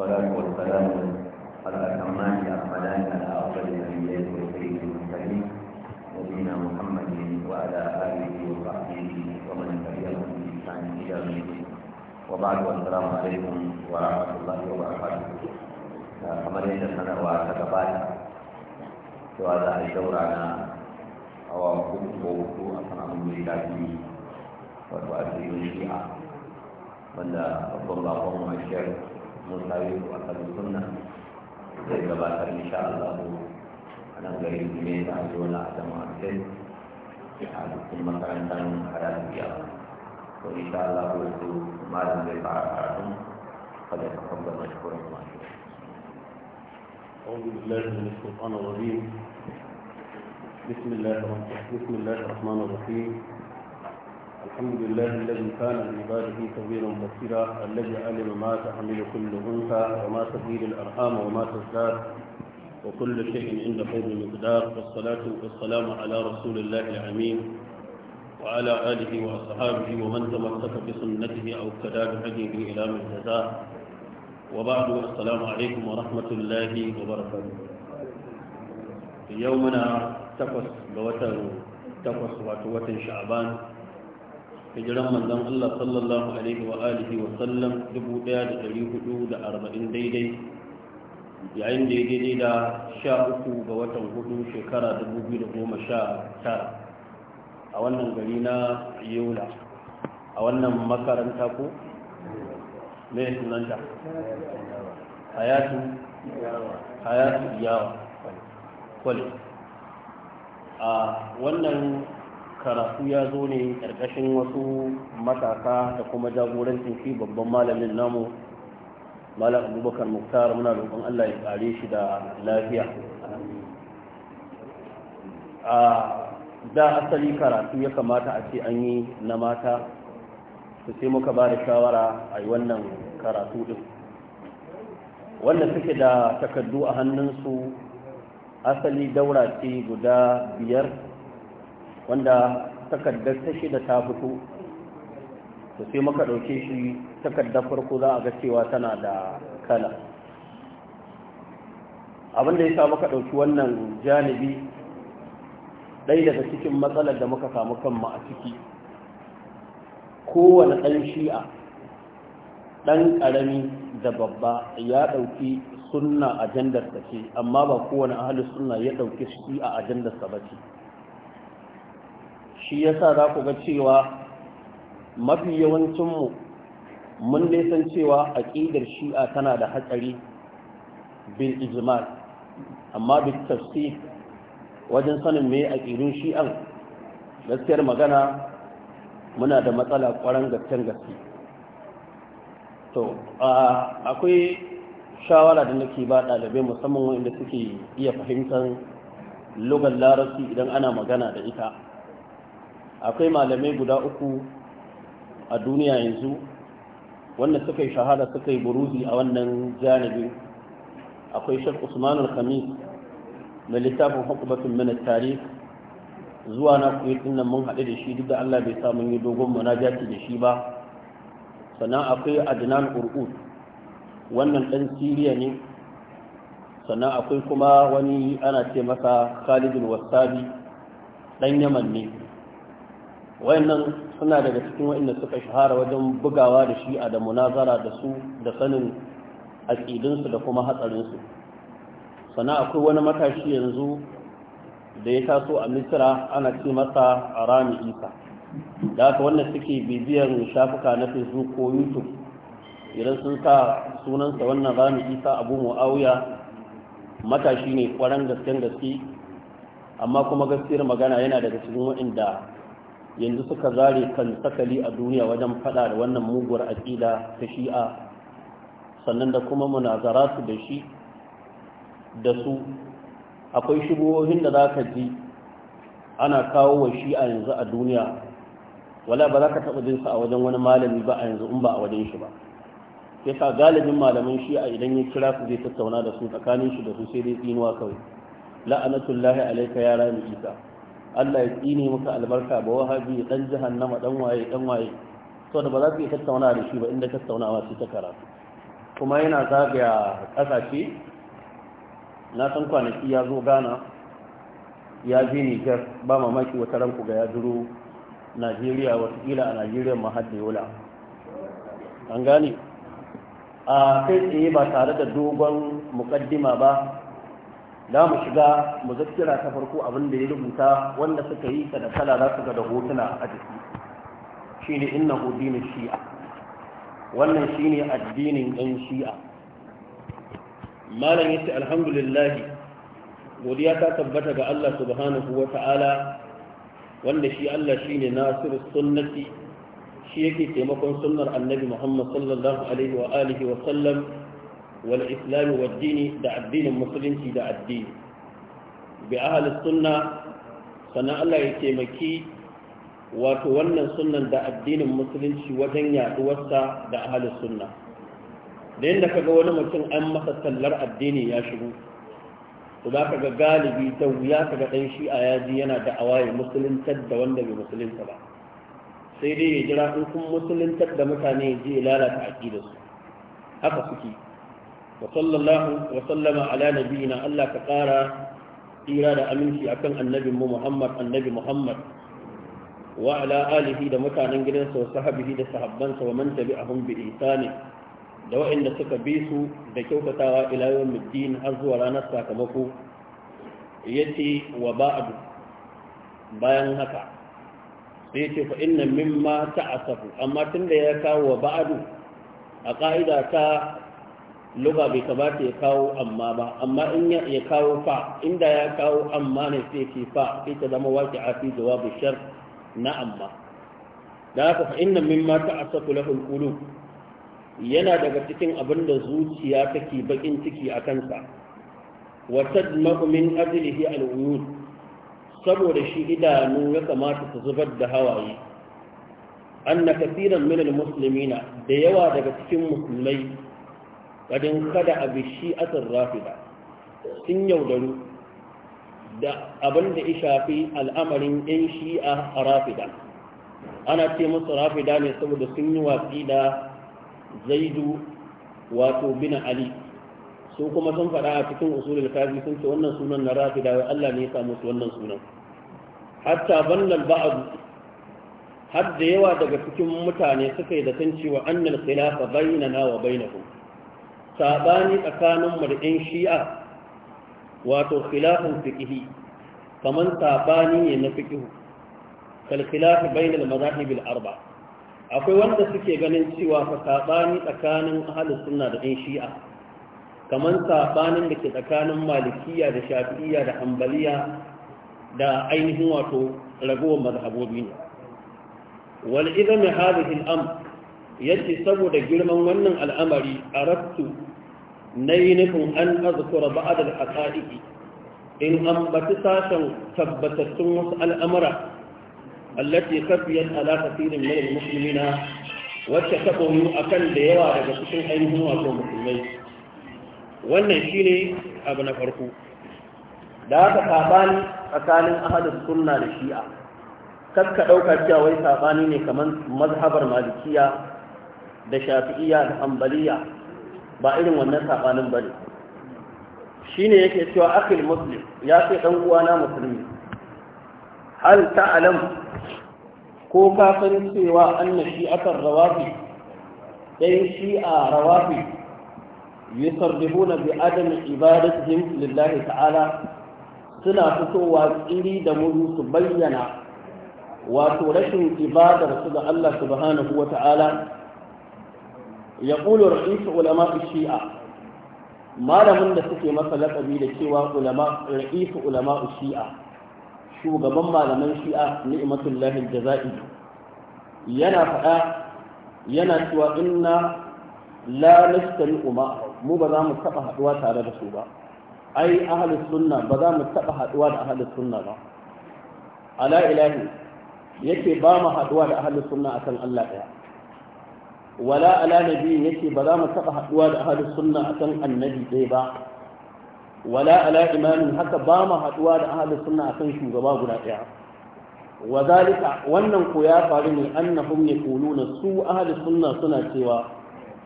والصلاة والسلام على الأتمان الأكملان على أفضل الأنبياء والسيد المرسلين نبينا محمد وعلى آله وصحبه ومن تبعهم بإحسان إلى يوم الدين وبعد والسلام عليكم ورحمة الله وبركاته kamar yadda sanarwa ta gabata cewa za a shaura na awa hudu ko hudu a kan abin da ya shafi wato a cikin shi'a wanda babban bakon mashiyar musa yi a kan sunna zai gabatar insha Allah a nan gari ne da zona a zama a cikin makarantar harafi biya insha Allah ko su malam zai fara karatu kada ka kwamba mashkurin masu أعوذ بالله من الشيطان الرجيم بسم الله الرحمن الرحيم الحمد لله الذي كان عباده كبيرا بصيرا الذي علم ما تحمل كل انثى وما تزيد الارحام وما تزداد وكل شيء عنده بمقدار والصلاه والسلام على رسول الله الامين وعلى اله واصحابه ومن تمسك بسنته او اقتدى بهديه الى من جزاه وبعد السلام عليكم ورحمه الله وبركاته يومنا تقص بوتر تقص وتوتر شعبان hijiran manzon Allah sallallahu alaihi wa alihi wa sallam 1440 daidai yayin da ya daidai da 13 ga watan hudu shekara 2019 a wannan gari na Yola a wannan makaranta ko me sunanta hayatu hayatu yawa kwale a wannan karatu ya zo ne ƙarƙashin wasu matasa da kuma jagorancin shi babban malamin namu malam abubakar muktar muna roƙon allah ya tsare shi da lafiya a da asali karatu ya kamata a ce an yi na mata su sai muka ba da shawara a yi wannan karatu ɗin Wannan suke da takardu a hannunsu asali daura ce guda biyar wanda takardar ta shida ta fito to sai maka ɗauke shi takardar farko za a ga cewa tana da kala abinda ya sa maka ɗauki wannan janibi ɗaya daga cikin matsalar da muka samu kanmu a ciki kowane ɗan shi'a ɗan ƙarami da babba ya ɗauki sunna ajandarsa ce amma ba kowane ahalin sunna ya ɗauki shi'a ajandarsa ba ce shi ya sa za ku ga cewa mafi yawancinmu mun nesan cewa aƙidar shi'a tana da hatsari bin ijimar. amma bin tafsi wajen sanin mai aƙidun shi'an gaskiyar magana muna da matsala ƙwarar gaskiyar gaske to akwai shawara da nake ba ɗalibai musamman wanda suke iya fahimtar lugar larabci idan ana magana da ita akwai malamai guda uku a duniya yanzu wanda suka yi shahada suka yi buruzi a wannan janibin akwai shek usman al-khamis na littafin hukumatun mana tarih zuwa na yi nan mun haɗu da shi duk da allah bai samun yi dogon jaki da shi ba sannan akwai adnan ur'ud wannan ɗan siriya ne sannan akwai kuma wani ana ce masa khalidul wasabi ɗan yaman ne wayannan suna daga cikin wayanda suka shahara wajen bugawa da shi'a da munazara da su da sanin aƙidinsu da kuma hatsarinsu sana akwai wani matashi yanzu da ya taso a misira ana ce masa a rami isa da haka wannan suke bibiyar shafuka na facebook ko youtube idan sun sa sunansa wannan rami isa abu mu'awiya matashi ne kwaran gasken gaske amma kuma gaskiyar magana yana daga cikin waɗanda yanzu suka zare kan sakali a duniya wajen fada da wannan muguwar aƙida ta shi'a sannan da kuma munazara su da shi da su akwai shigohin da za ka ji ana kawo wa shi'a yanzu a duniya wala ba za ka taɓa jinsa a wajen wani malami ba a yanzu in ba a wajen shi ba yasa galibin malaman shi'a idan ya kira su zai tattauna da su tsakanin shi da su sai dai tsinuwa kawai la'anatullahi alaika ya rami isa Allah ya tsine maka albarka ba wahabi dan jahannama dan waye dan waye to da ba za ka tattauna da shi ba inda tattaunawa sai ta karatu kuma yana zagaya kasashe na san kwanaki ya zo Ghana ya je Niger ba mamaki wata ranku ga ya duro Najeriya watakila a Najeriya ma hadde wala an gane a kai tsaye ba tare da dogon mukaddima ba Da mu shiga mu muzakkira ta farko abin da ya rubuta wanda suka yi ta da kala za su ga da hotuna a jiki ne inna dinin shi'a wannan shi ne addinin ɗan shi'a malam yace alhamdulillah godiya ta tabbata ga Allah subhanahu wa ta'ala wanda shi Allah shi ne nasiru sunnati shi yake taimakon sunnar annabi Muhammad sallallahu alaihi wa alihi wa sallam wal islami wa dini da addinin musulunci da addini bi ahli sunna sannan ya taimaki wato wannan sunnan da addinin musulunci wajen sa da ahalin sunna da yadda ka ga wani mutum an masa tallar addini ya shigo to za ka ga galibi ta wuya ka ga ɗan shi'a ya ji yana da ya musuluntar da wanda bai musulunta ba sai dai ya jira in kun musuluntar da mutane ya je ya lalata aƙidarsu haka kuke. وصلى الله وسلم على نبينا الله كقارا إيراد أمنشي أكن النبي محمد النبي محمد وعلى آله دا متعن انجلس وصحبه دا صحبان ومن تبعهم بإحسان da waɗanda suka bi su da kyautatawa ila yawan muddin har zuwa ranar sakamako ya ce wa ba'adu bayan haka sai ce fa inna mimma ta'asafu amma tunda ya kawo wa ba'adu a ƙa'idata. ta Lugha bai kamata ya kawo amma ba amma in ya kawo fa inda ya kawo amma ne sai ce fa sai ta zama waki a fi shar na amma da haka fa inna min ma ta asafu lahul yana daga cikin abinda zuciya take bakin ciki a kansa wa tadma'u min ajlihi al saboda shi idanu ya kamata su zubar da hawaye anna kaseeran min al-muslimina da yawa daga cikin musulmai kadin kada a bishi asin rafida sun yaudaru da abin da ya shafi al'amarin yan shi'a a rafida ana ce musu rafida ne saboda sun yi watsi da zaidu wato bin ali su kuma sun faɗa a cikin usulul kafi sun ce wannan sunan na rafida wai Allah ne ya samu su wannan sunan hatta ballal ba'd har da yawa daga cikin mutane suka yi da san cewa annal khilafa bainana wa bainakum saɓani tsakaninmu da shi'a wato khilafin fiƙihi kamar saɓani ne na fiƙihu kalkilafi bainal mazahibil arba akwai wanda suke ganin cewa fa saɓani tsakanin ahalus sunna da 'yan shi'a kamar saɓanin da ke tsakanin malikiya da shafi'iya da hambaliya da ainihin wato ragowar mazhabobi ne wal idami hadhihi al-amr yace saboda girman wannan al'amari arattu na yi nufin an azkura ba'adar aqaidi in ambaci sashen tabbatattun wasu al'amura allati kafiyat ala kathirin min musulmi na wacce ta koyu akan da yawa daga cikin ainihin wato musulmai wannan ne abu na farko da aka sabani tsakanin ahadus sunna da shi'a kakka ɗauka cewa wai sabani ne kamar mazhabar malikiya da shafi'iya da Ambaliya. ba irin wannan sabanin shi ne yake cewa akil muslim ya fi ɗan'uwana uwana musulmi hal alam ko ka san cewa annashi akan rawafi shi shi'a rawafi yusarrifuna bi adami ibadatihim lillahi ta'ala suna fitowa tsiri da mudu su bayyana wato rashin ibadar su ga Allah subhanahu wa ta'ala ya ƙulu ra'isu ulama shi'a malamin da suke masa laƙabi da cewa ulama ra'isu ulama shi'a shugaban malaman shi'a ni'matullahi jaza'i yana faɗa yana cewa inna la nastari umma mu ba za mu taba haduwa tare da su ba ai ahli sunna ba za mu taba haduwa da ahli sunna ba ala ilahi yake ba mu haduwa da ahli sunna akan Allah daya wala ala nabi yace ba za mu taɓa haɗuwa da ahlus sunna akan annabi dai ba wala ala imamin haka ba mu haɗuwa da ahlus sunna akan shugaba guda ɗaya wa zalika wannan ko ya faru ne annahum yaquluna su ahlus sunna suna cewa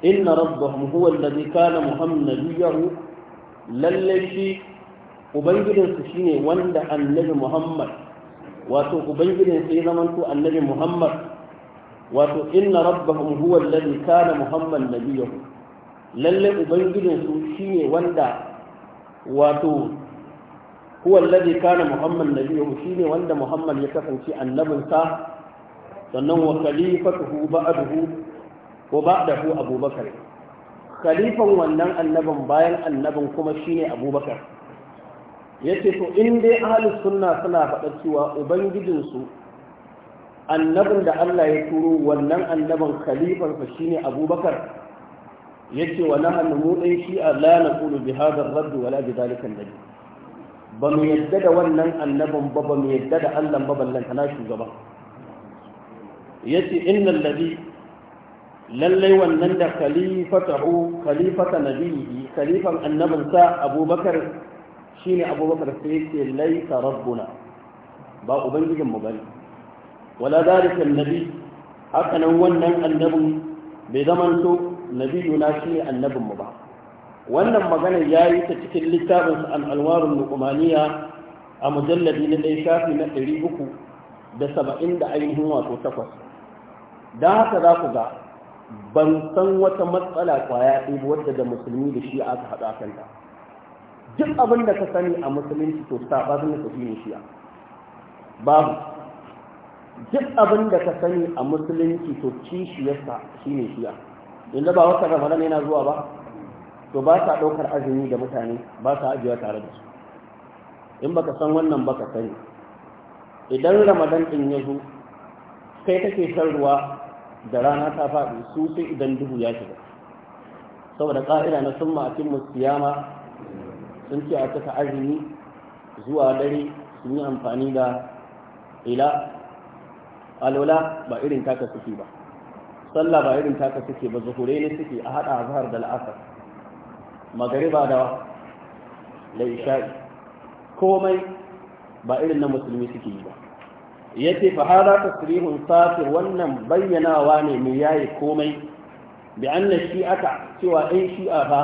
inna rabbahum huwa alladhi kana muhammadiyahu lalle shi ubangijinsu shine wanda annabi muhammad wato ubangijin ya zamanto annabi muhammad wato inna rabbahum huwa alladhi kana muhamman nabiyahu lalle ubangijin su shine wanda wato huwa alladhi kana muhamman nabiyahu shine wanda muhammad ya kasance annabin sa sannan wa khalifatuhu ba'dahu ko ba'dahu abubakar khalifan wannan annabin bayan annabin kuma shine abubakar yace to in dai ahlus sunna suna faɗa cewa ubangijin su annabin da Allah ya turo wannan annaban Khalifar khalifarsa shine abubakar yace wa nahnu mu dai shi la naqulu bi hadha ar-radd wala bi dhalika an ba mu yadda da wannan annaban ba ba mu yadda da Allah ba ballan kana shugaban yace innal ladhi lalle wannan da khalifatahu khalifata nabiyyi khalifan annabin sa abubakar shine abubakar sai yace laisa rabbuna ba ubangijin mu bane wala zalika annabi haka nan wannan annabin bai zamanto na shi annabin mu ba wannan magana ya yi ta cikin littafin an al-alwarul a mujalladi na ɗaya shafi na ɗari uku da saba'in da ainihin wato takwas don haka za ku ga ban san wata matsala kwaya ɗaya wadda da musulmi da shi aka haɗa kanta duk abin da ka sani a musulunci to saɓa zan tafi ne shi'a babu duk abin da ka sani a musulunci to ci kishiyarsa shine shiya inda ba wata ramadan yana zuwa ba to ba sa ɗaukar azumi da mutane ba sa ajiyar tare da su in baka san wannan baka sani idan ramadan din ya zo kai take shan ruwa da rana ta faɗi su sai idan duhu ya shiga saboda ƙa'ida na sun ma'akin musiyama sun ce a cika azumi zuwa dare sun yi amfani da ila alwala ba irin taka suke ba sallah ba irin taka suke ba zuhure ne suke a hada azhar da al'asar magariba da da isha'i komai ba irin na musulmi suke yi ba yace fa hada tasrihun safi wannan bayyanawa ne mai yayi komai bi anna shi'ata cewa ai shi'a ba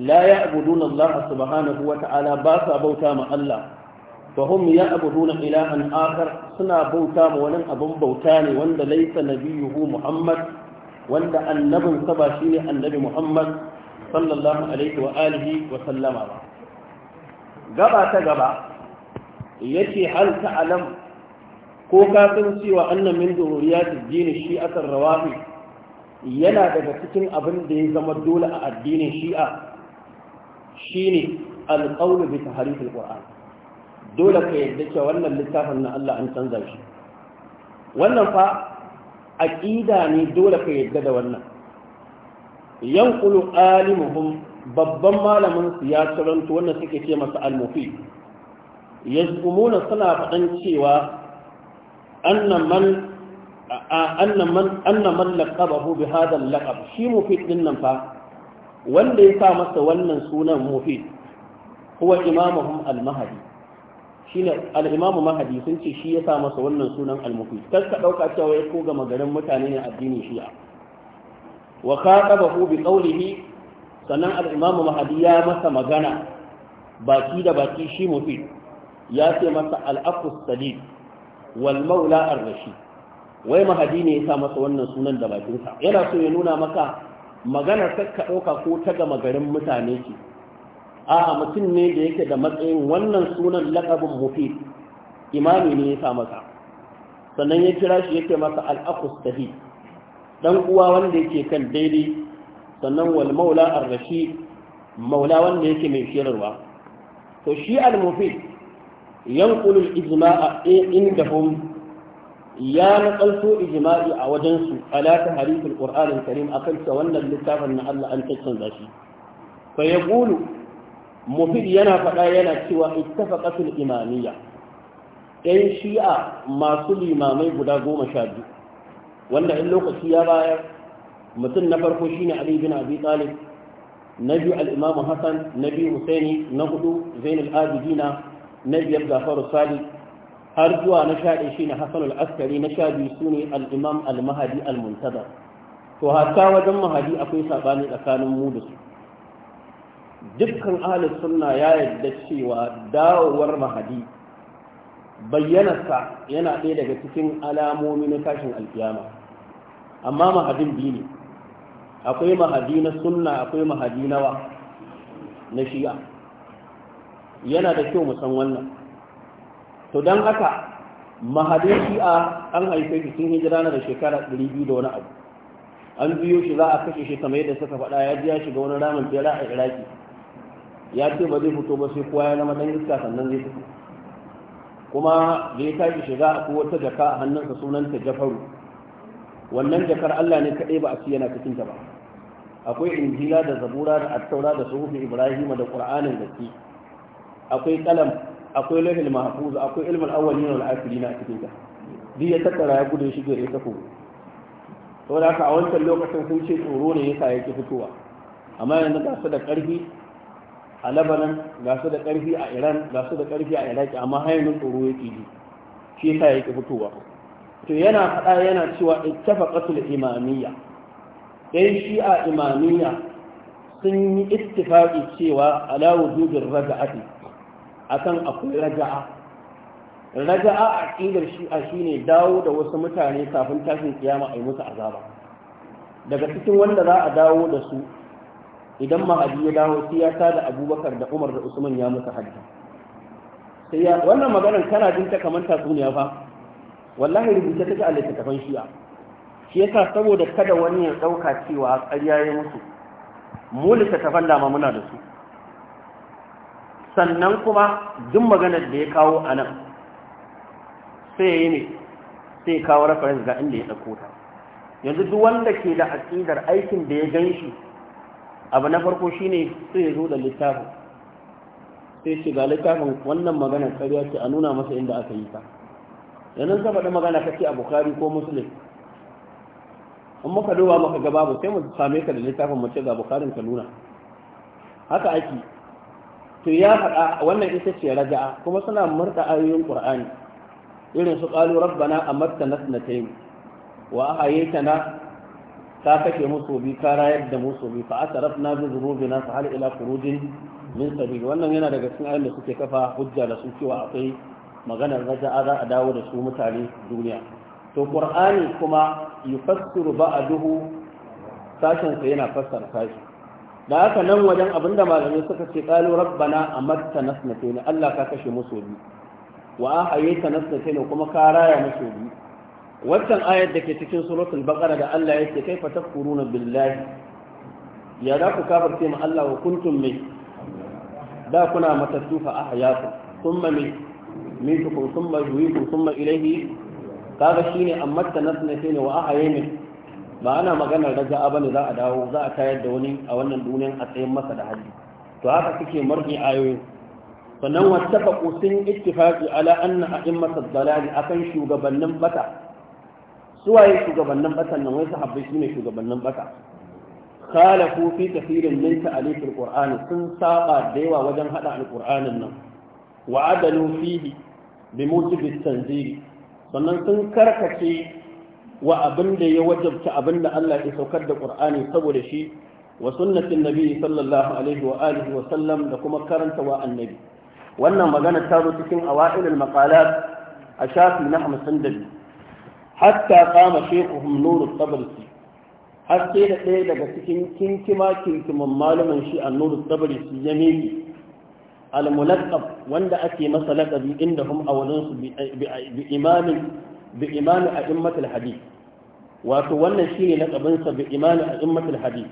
la ya'buduna Allah subhanahu wa ta'ala ba sa bauta ma Allah fa hum ya'buduna ilahan akhar suna bauta wa wani abin bauta ne wanda laysa nabiyuhu muhammad wanda annabin sa ba shine annabi muhammad sallallahu alaihi wa wa sallama ba gaba ta gaba yace hal ta'lam ko ka san cewa annan min duriyatid din shi'atar rawafi yana daga cikin abin da ya zama dole a addinin shi'a shine alqawlu bi tahrif alquran dole ka yadda cewa wannan littafin na Allah an canza shi wannan fa aqida ne dole ka yadda da wannan yanqulu alimuhum babban malamin su ya taranto wannan suke ce masa al-mufi yazumuna suna fadan cewa annan man annan man annan man laqabahu bi hadha al-laqab shi mufi din nan fa wanda ya sa masa wannan sunan mufi huwa imamuhum al-mahdi shine al-imamu mahadi sun ce shi ya sa masa wannan sunan al-mufi kar ka dauka cewa ya koga magarin mutane ne addini shi'a wa khatabahu bi qawlihi sannan al-imamu mahadi ya masa magana baki da baki shi mufi ya ce masa al-aqus sadid wal maula ar-rashid wai mahadi ne ya sa masa wannan sunan da bakinsa yana so ya nuna maka maganar kakka dauka ko ta ga garin mutane ce a mutum ne da yake da matsayin wannan sunan laƙabin mufi imami ne ya sa masa sannan ya kira shi yake masa al'akus tahi dan uwa wanda yake kan daidai sannan wal maula ar maula wanda yake mai shirarwa to shi al-mufid yanqulu al-ijma'a indahum ya nakalto ijma'i a wajen su ala tahrif al-qur'an al-karim akan ta wannan littafin na Allah an tattauna shi fa yaqulu mufid yana faɗa yana cewa ittafaqatul imamiyya ɗan shi'a masu limamai guda goma sha biyu wanda in lokaci ya bayar mutum na farko shine ali bin abi talib na biyu al-imam hasan na biyu husaini na hudu zainul abidina na biyar gafaru sali har zuwa na sha ɗaya shine hasan al-askari na sha biyu sune al-imam al-mahdi al-muntazar to hatta wajen mahadi akwai sabani tsakanin mu da su dukkan ahalin sunna ya yarda cewa dawowar mahadi bayyanarsa yana ɗaya daga cikin alamomi na tashin alkiyama amma mahadin biyu ne akwai mahadi na sunna akwai mahadi nawa na shi'a yana da kyau mu san wannan to don haka mahadin shi'a an haife shi tun hijira na da shekara 200 da wani abu an biyo shi za a kashe shi kamar yadda suka faɗa ya ji ya shiga wani ramin bera a iraki ya ce ba zai fito ba sai kowa ya zama dan iska sannan zai fito kuma da ya tashi shiga ko wata jaka a hannunsa sunanta jafaru wannan jakar Allah ne kaɗai ba a ci yana cikin ta ba akwai injila da zabura da attaura da suhufin Ibrahim, da qur'anin gaske akwai kalam akwai lahil mahfuz akwai ilmul awwalin wal akhirin a cikin ta duk ya tattara ya gudu shige ya tafi saboda haka a wancan lokacin sun ce tsoro ne yasa yake fitowa amma yanzu ga su da karfi a labanan ga su da ƙarfi a iran ga su da ƙarfi a iraki amma hayanin tsoro ya ƙi shi ya ƙi fitowa to yana faɗa yana cewa imaniya imamiyya shi a imamiyya sun yi ittifaqi cewa ala wujubir raja'ati akan akwai raja'a raja'a a ƙidar shi'a shine dawo da wasu mutane kafin tashin kiyama a yi musu azaba daga cikin wanda za a dawo da su idan mahadi ya dawo sai ya tada abubakar da umar da usman ya musu haddi sai ya wannan maganar kana jin ta kamar tatsuniya fa wallahi rubuta take a littattafan shi'a shi yasa saboda kada wani ya dauka cewa ƙarya ya musu mu littattafan ma muna da su sannan kuma duk maganar da ya kawo a sai ya yi ne sai ya kawo reference ga inda ya ɗauko ta yanzu duk wanda ke da aƙidar aikin da ya ganshi. abu na farko shi ne sai ya zo da littafin sai ce ga littafin wannan magana karya ce a nuna masa inda aka yi ta yanzu ka faɗi magana ce a bukari ko musulun in muka duba maka gaba ba sai mu same ka da littafin mace ga bukarin ka nuna haka ake to ya faɗa wannan ita ce raja'a kuma suna murɗa ayoyin qur'ani irin su qalu rabbana amatna nasnatayn wa na. ka kashe musu bi ka rayar da musu bi fa asaraf na bi zurubina fa hal ila khurujin min sabil wannan yana daga cikin ayoyin da suke kafa hujja da su cewa akwai maganar raja'a za a dawo da su mutane duniya to qur'ani kuma yufassiru ba'duhu sashen sa yana fassara sashi da haka nan wajen abinda malamai suka ce qalu rabbana amatta nasnatayn Allah ka kashe musu bi wa ahayta nasnatayn kuma ka raya musu bi Wancan ayar da ke cikin suratul baqara da Allah yake kaifa tafkuruna billahi ya da ku kafirce mu Allah wa kuntum mai da kuna matattu fa ahyaku thumma mai mitukum thumma yuhikum thumma ilayhi kaga shine amma ta tanasnatin wa ahyamin ba ana maganar raja'a bane za a dawo za a tayar da wani a wannan duniyan a tsayin masa da hali to haka suke marji ayoyin sannan wattafaqu sun ittifaqi ala anna a'immatud dalal akan shugabannin bata suwaye shugabannin batan nan wai sahabbai ne shugabannin bata khalafu fi kathirin min ta'alif alqur'ani sun saba da yawa wajen hada alqur'anin nan wa adalu fihi bi mujibi tanzili sannan sun karkace wa abinda ya wajabta abinda Allah ya saukar da qur'ani saboda shi wa sunnatin nabi sallallahu alaihi wa alihi wa sallam da kuma karanta wa annabi wannan magana ta zo cikin awailul maqalat a shafi na 52 hatta kama shekuhum nuru tabarsi har sai da ɗaya daga cikin kinkima kinkiman malaman shi a nuru tabarsi ya miƙe al-mulaqab wanda ake masa laƙabi inda hum a su bi imamin bi imami a immatul hadith wato wannan shine laƙabin sa bi imami a immatul hadith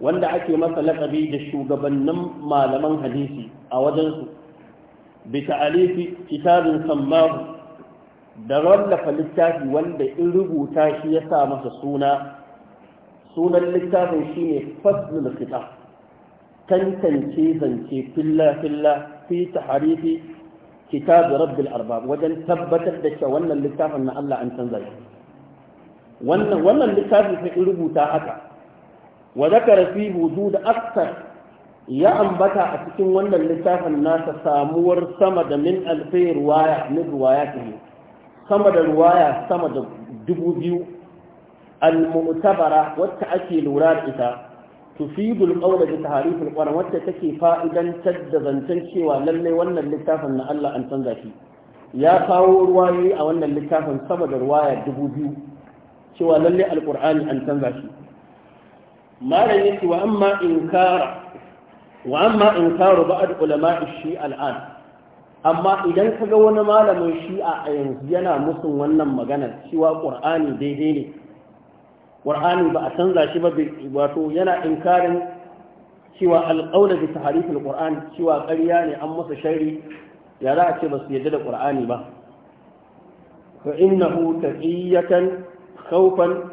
wanda ake masa laƙabi da shugabannin malaman hadisi a wajen su bi ta'alifi kitabin sammahu da wallafa littafi wanda in rubuta shi ya sa masa suna sunan littafin shi shine faslul fita, tantance zance filla filla fi kita da rabbil arbab wajen tabbatar da cewa wannan littafin na Allah an canza shi wannan wannan littafi in rubuta haka wa karfi, fi da aksar ya ambata a cikin wannan littafin nasa samuwar sama da min alfai ruwaya min ruwayatihi sama da ruwaya sama da dubu biyu al-mu'tabara wacce ake lura da ita tufidul qawla bi tahrifil qur'an wacce take fa'idantar da zancen cewa lalle wannan littafin na Allah an canza shi ya kawo ruwayoyi a wannan littafin sama da ruwaya dubu biyu cewa lalle alqur'ani an canza shi malam yake wa amma inkara wa amma inkaru ba'd ulama'i shi al'an amma idan ka ga wani malamin shi'a a yanzu yana musun wannan maganar cewa ƙur'ani daidai ne ƙur'ani ba a canza shi ba wato yana inkarin cewa alƙawla bi tahrifil ƙur'ani, cewa ƙarya ne an masa shari ya za a ce ba su yarda da ƙur'ani ba fa innahu taqiyatan khawfan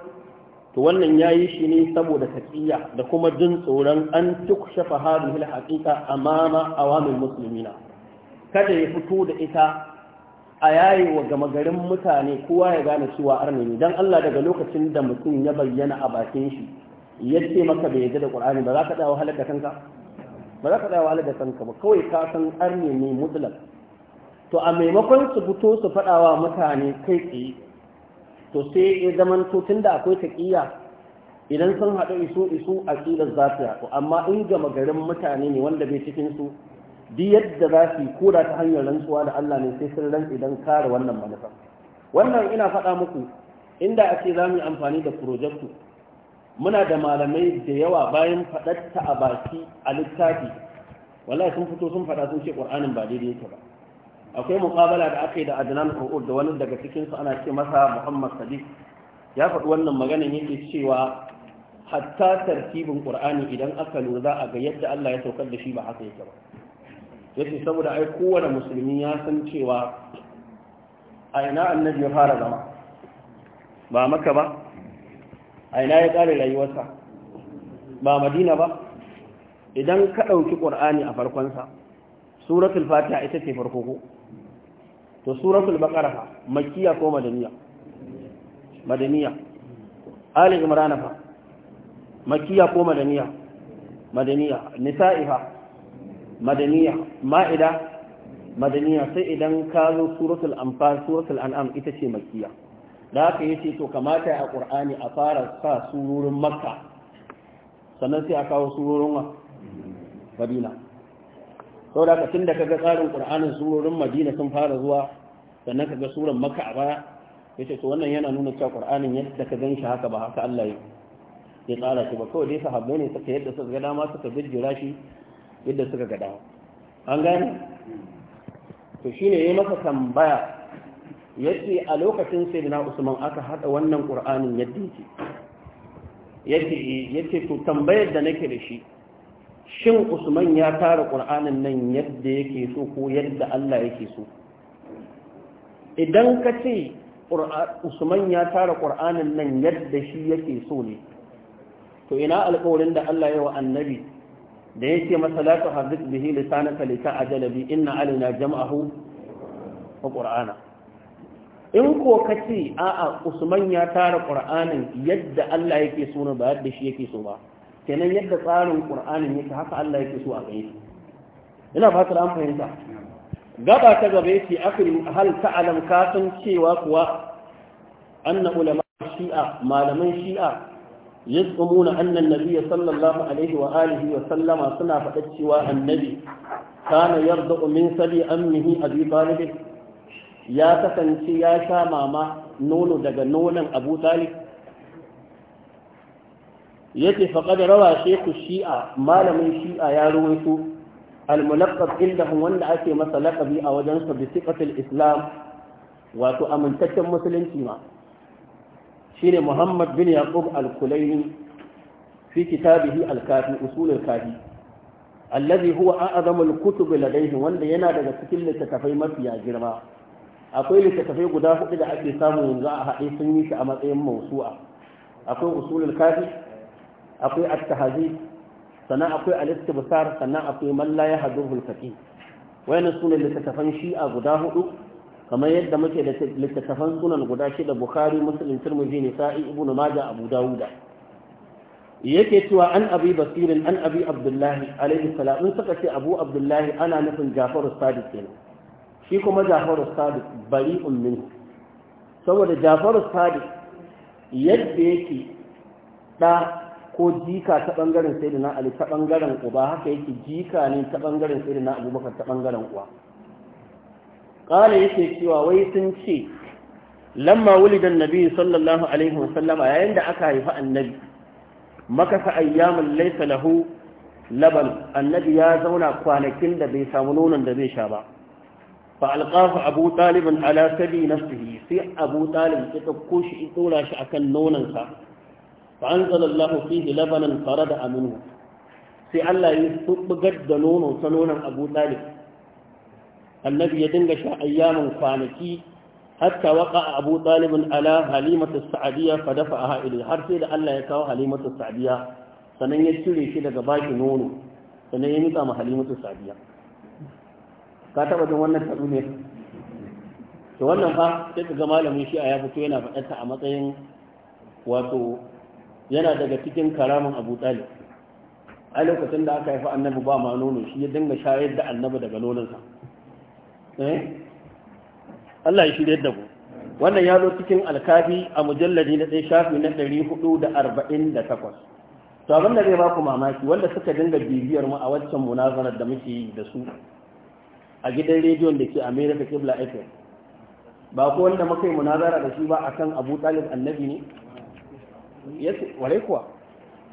to wannan yayi shi ne saboda taqiya da kuma jin tsoron an tukshafa hadhihi alhaqiqa amama awamil muslimina kada ya fito da ita a yayi wa gama garin mutane kowa ya gane cewa arne dan Allah daga lokacin da mutum ya bayyana a bakin shi yace ce maka bai yadda da Qur'ani ba za ka dawo halaka kanka ba za ka dawo halaka kanka ba kawai ka san arne ne mutlak to a maimakon su fito su faɗawa mutane kai tsaye to sai ya zaman to tunda akwai taƙiyya idan sun haɗu isu isu a kilar zafiya to amma in gama garin mutane ne wanda bai cikin su duk yadda za su yi koda ta hanyar rantsuwa da Allah ne sai sun rantsi don kare wannan manufa wannan ina faɗa muku inda a ce za mu yi amfani da projecto muna da malamai da yawa bayan faɗatta a baki a littafi wallahi sun fito sun faɗa sun ce ƙur'anin ba daidai yake ba akwai muƙabala da aka yi da adnan ƙo'ur da wani daga cikin su ana ce masa muhammad sadiq ya faɗi wannan maganan yake cewa hatta tartibin ƙur'ani idan aka lura za a ga yadda allah ya saukar da shi ba haka yake ba yace saboda ai kowane musulmi ya san cewa a ina annabi ya fara zama ba maka ba a ina ya kare rayuwarsa ba madina ba idan ka ɗauki ƙur'ani a farkonsa suratul fatiha ita ce farko ko to suratul baqara fa makkiya ko madaniya madaniya ali imran fa makkiya ko madaniya madaniya nisa'i fa madaniya ma'ida madaniya sai idan ka zo suratul anfal suratul an'am ita ce makkiya da haka yace to kamata a qur'ani a fara sa sururin makka sannan sai a kawo surorin madina da ka tunda kaga tsarin qur'anin sururin madina sun fara zuwa sannan kaga suran makka a baya yace to wannan yana nuna cewa qur'anin yadda ka ganshi haka ba haka Allah ya ya tsara shi ba kawai dai sahabbai ne suka yadda suka ga dama suka bijjira shi yadda suka gada an gane to ne yi masa tambaya yace a lokacin sayyidina Usman aka haɗa wannan Qur'anin yadda yake yace yace to tambayar da nake da shi shin Usman ya tara Qur'anin nan yadda yake so ko yadda Allah yake so idan ka ce Usman ya tara ƙur'anin nan yadda shi yake so ne to ina alƙawarin da Allah ya wa annabi da yake masa la tuharrik bihi lisanaka a jalabi. inna alaina jam'ahu A qur'ana in ko kace a'a Usman ya tara Qur'anin yadda Allah yake so ba yadda shi yake so ba kenan yadda tsarin Qur'anin yake haka Allah yake so a kai ina fatar an fahimta gaba ta gaba yake akrim hal ta Alam san cewa kuwa anna ulama shi'a malaman shi'a yasumuna anna annabi sallallahu alaihi wa wa sallama suna faɗa cewa annabi kana yarda min sabi ammihi abi ya kasance ya sha mama nono daga nonon abu talib yace da rawa sheku shi'a malamin shi'a ya su al-munaqqab indahum wanda ake masa laqabi a wajen sa bi sifatil islam wato amintaccen musulunci ma shine Muhammad bin Yaqub al-Kulaini fi kitabihi al-Kafi usul al-Kafi alladhi huwa a'zamu al-kutub ladayhi wanda yana daga cikin littattafai mafi mafiya girma akwai littattafai guda hudu da ake samu yanzu a haɗe sun yi shi a matsayin mausu'a akwai usul al-Kafi akwai at-Tahzib sannan akwai al-Istibsar sannan akwai man la yahduru al-Faqih wayannan sunan littattafan shi'a guda hudu kamar yadda muke da littattafan sunan guda shida bukhari muslim tirmidhi nisa'i ibnu majah abu dawuda yake cewa an abi basirin an abi abdullahi alaihi salam in suka ce abu abdullahi ana nufin jafaru sadiq kenan shi kuma jafaru sadiq bari'un min saboda jafaru sadiq yadda yake da ko jika ta bangaren sayyidina ali ta bangaren uba haka yake jika ne ta bangaren sayyidina abubakar ta bangaren uwa قال yake cewa wai sun ce lamma wulidan nabi sallallahu alaihi wasallama yayin da aka haifa annabi makasa ayyamin laysa lahu laban annabi ya zauna kwanakin da bai samu nonon da zai sha ba fa alqafa abu talib ala sabi nafsihi sai abu talib ya dauko shi in tsora shi akan nonon sa fa anzala Allah fihi labanan farada aminu sai Allah ya bugar da nono ta nonon abu talib annabi ya dinga sha ayyamin kwanaki hatta waka abu talibin ala halimatu sa'adiyya fa dafa a ilil har sai da Allah ya kawo halimatu sa'adiyya sannan ya cire shi daga baki nono sannan ya nika ma halimatu sa'adiyya ka taba jin wannan tabu ne to wannan fa sai ga malamin shi a ya fito yana faɗata a matsayin wato yana daga cikin karamin abu talib a lokacin da aka haifi annabi ba ma nono shi ya dinga shayar da annabi daga nononsa Eh? Allah ya shirye da ku wannan ya zo cikin alkafi a mujalladi na ɗaya shafi na ɗari hudu da arba'in da takwas to abin da zai ba ku mamaki wanda suka dinga bibiyar mu a waccan munazarar da muke yi da su a gidan rediyon da ke america kibla fm ba ko wanda muka yi munazara da shi ba akan abu talib annabi ne yace ware kuwa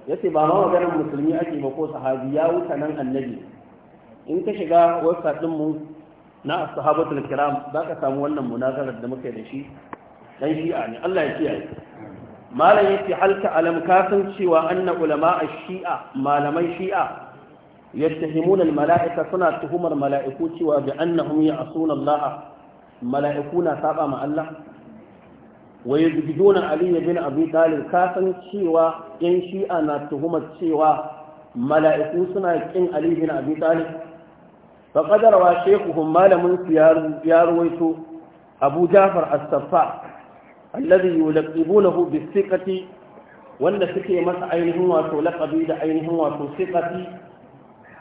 yace ba ma maganar musulmi ake ba ko sahabi ya wuta nan annabi in ka shiga wasa din mu na sahabatul kiram za ka samu wannan munazarar da muka da shi dan shi'a ne Allah ya kiyaye malam yace halka alam kasan cewa anna ulama ash-shi'a malaman shi'a yattahimuna al-mala'ika suna tuhumar mala'iku cewa bi annahum ya'suna Allah mala'iku na saba ma Allah wa yajiduna Ali bin Abi Talib kasan cewa yan shi'a na tuhumar cewa mala'iku suna kin Ali bin Abi Talib fa qadarwa shaykhuhum malamin su ya ruwaito abu jafar as-saffa alladhi yulaqibunahu wanda suke masa ainihin wato laƙabi da ainihin wato siqati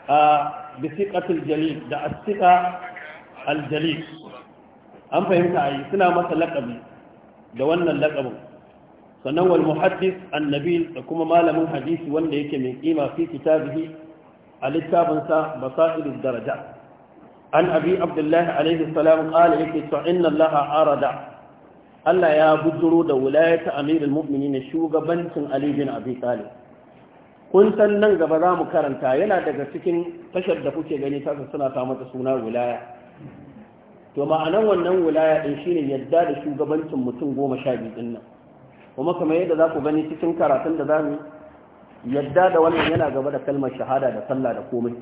a bisiqati jalil da as al-jalil an fahimta ai suna masa laƙabi da wannan laƙabin, sannan wal muhaddis annabi da kuma malamin hadisi wanda yake mai kima fi kitabihi a littafinsa basairud daraja an abi abdullahi alaihi salam qala yake to inna allaha arada Allah ya bujuro da wulayata amirul mu'minin shugabancin Ali bin Abi Talib kun san nan gaba za mu karanta yana daga cikin tashar da kuke gani ta suna ta mata suna wilaya to ma'anan wannan wilaya din shine yadda da shugabancin mutum goma sha biyu din nan kuma kamar yadda za ku gani cikin karatun da za mu yadda da wannan yana gaba da kalmar shahada da sallah da komai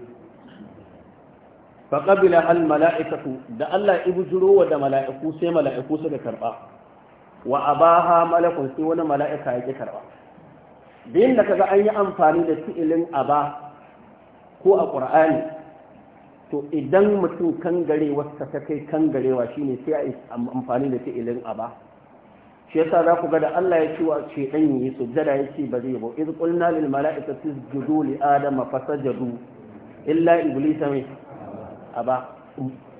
فقبل الملائكة دا الله إبجرو ودا ملائكو سي ملائكو سي كربا وأباها ملك سي ولا ملائكة يجي كربا بين لك أن يأنفاني دا سئلين أبا هو القرآن to idan mutum kan garewa ta kai kan shine sai a amfani da fi'ilin aba shi yasa za ku ga da Allah ya ce wa ce dan yi sujjada ya ba zai ba iz adama illa iblisa aba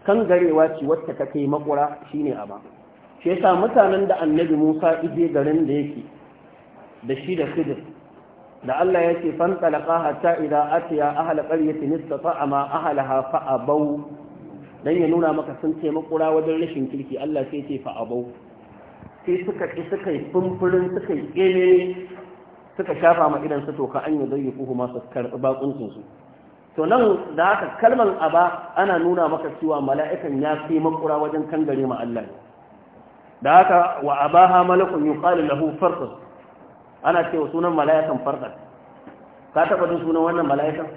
kangarewa ce wacce ka kai makura shine aba shi yasa mutanen da annabi Musa ije garin da yake da shi da Khidir da Allah ya ce fan talaqa hatta idan atiya ahla qaryatin istata'a ma ahlaha fa abau. dan ya nuna maka sun ce makura wajen rashin kirki Allah sai ce fa abau. sai suka ki suka yi fumfurin suka yi suka shafa ma idan su to ka an yi zai kuhu masu karɓi bakuncin to nan da haka kalmar aba ana nuna maka cewa mala'ikan ya fi makura wajen kangare ma Allah da haka wa abaha malakun yuqalu lahu farqas ana cewa sunan mala'ikan farqas ka taɓa jin sunan wannan mala'ikan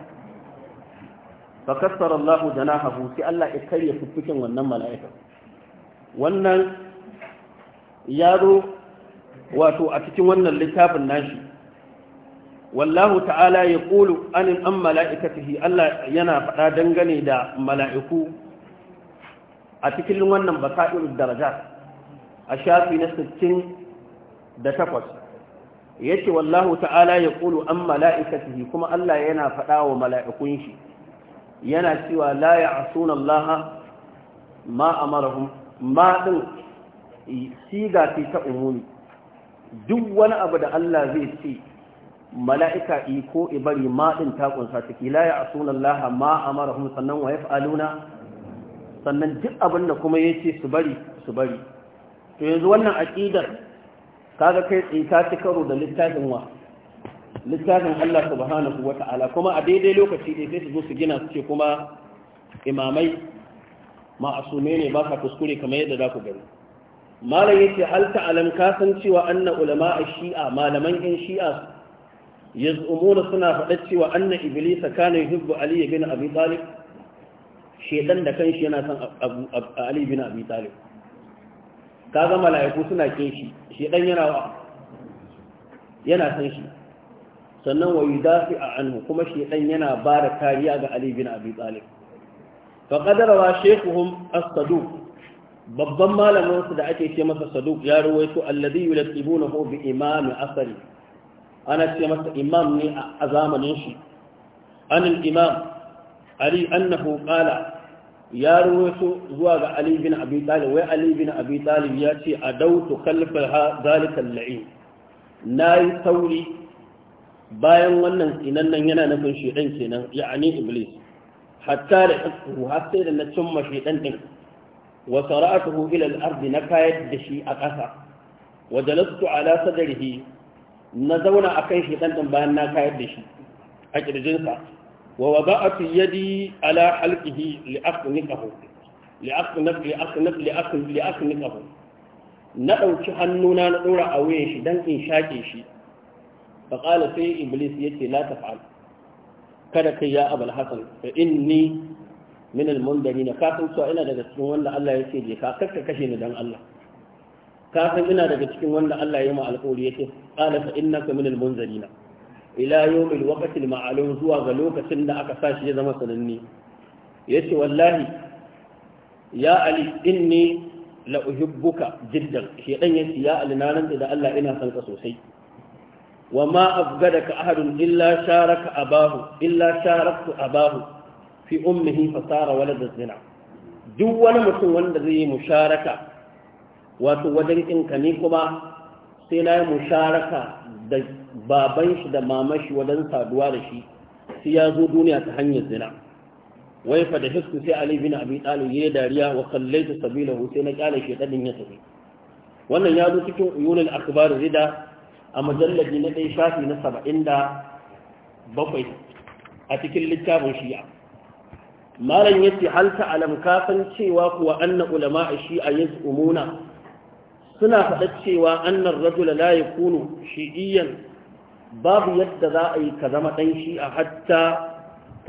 fa kassara Allah janahahu sai Allah ya karya fuffukin wannan mala'ikan wannan yaro wato a cikin wannan littafin nashi wallahu ta'ala ya ƙulu anin an mala'ikatihi Allah yana faɗa dangane da mala'iku a cikin wannan basa'ir daraja a shafi na 68 ya ce wallahu ta'ala ya ƙulu an mala'ikatihi kuma Allah yana faɗa wa mala'ikun shi yana cewa la ya asuna Allah ma amarahum siga ce ta umuni duk wani abu da Allah zai ce mala'ika iko ibari ma din ta kunsa ciki la ya'suna Laha, ma amarahum sannan wa yaf'aluna sannan duk abin da kuma yace su bari su bari to yanzu wannan aqidar kaga kai tsinta ta karo da littafin wa littafin Allah subhanahu wata'ala kuma a daidai lokaci dai sai su zo su gina su ce kuma imamai Ma ma'asume ne ba kuskure kamar yadda za ku gani malam yace hal alam ka san cewa anna ulama a shi'a malaman yan shi'a yaz'umuna suna faɗa cewa anna iblis kana yuhibbu ali bin abi talib shedan da kanshi yana son ali bin abi talib kaga mala'iku suna kin shi shedan yana wa yana san shi sannan wa yudafi anhu kuma shedan yana ba da kariya ga ali bin abi talib fa qadara shaykhuhum as-saduq babban malamin su da ake ce masa saduq ya ruwaito alladhi yulaqibunahu bi imami asali ana ce masa imam ne a zamanin shi an imam ali annahu qala ya ruwaito zuwa ga ali bin abi talib wai ali bin abi talib ya ce a dautu khalfa zalika al-la'in nayi sauri bayan wannan sinan nan yana nufin shedan kenan ya'ani iblis hatta da tsakku har sai da na cimma shedan din wa sara'atuhu ila al-ard na kayar da shi a ƙasa wa jalastu ala sadrihi na zauna a kan shaitan bayan na kayar da shi a ƙirjinsa wa wa ba'atu yadi ala halqihi li aqniqahu li na ɗauki hannuna na ɗora a wuyan shi dan in shaƙe shi fa sai iblis yake la taf'al kada kai ya abul hasan fa inni min al mundarin ka san ina daga cikin wanda Allah ce je ka kakka kashe ni dan Allah ka san ina daga cikin wanda Allah ya yi alƙawari yake qala fa innaka minal munzarina ila yawmil waqtil ma'lum zuwa ga lokacin da aka sashi ya zama sananne yace wallahi ya ali inni la uhibbuka jiddan shedan yace ya ali na nan da Allah ina son ka sosai wa ma afgadaka ahadun illa sharaka abahu illa sharaktu abahu fi ummihi fasara walad zina duk wani mutum wanda zai yi musharaka wato wajen ni kuma sai na yi musharaka da baban shi da mamashi wajen saduwa da shi sai ya zo duniya ta hanyar zina wai fa da hisku sai ali bin abi talib yayi dariya wa kallaita sabilahu sai na kyale shi dadin ya tafi wannan ya zo cikin uyunul akhbar rida a mujalladi na dai shafi na 77 a cikin littafin shi'a malam yace hal ta alam kafan cewa kuwa anna ulama shi'a yazumuna suna faɗa cewa annar rajula la yakunu shi'iyyan babu yadda za a yi ka zama ɗan shi'a hatta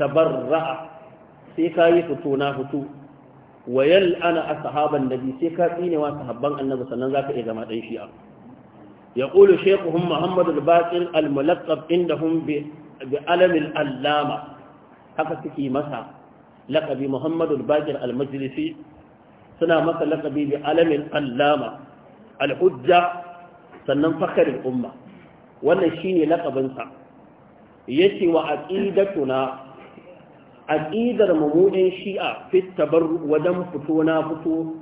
ra'a sai ka yi fito na fito ana yal'ana ashaban nabi sai ka tsinewa sahabban annabi sannan zaka iya zama ɗan shi'a يقول شيخهم محمد الباقر الملقب عندهم بألم الألامة haka suke masa laƙabi muhammadu almajlisi suna masa laƙabi bi alamin allama Al'ujja sannan fakarin umma wannan shi ne shine ya ce wa aqidatuna aqidar mamudin shi'a fi tabarru wajen fito na fito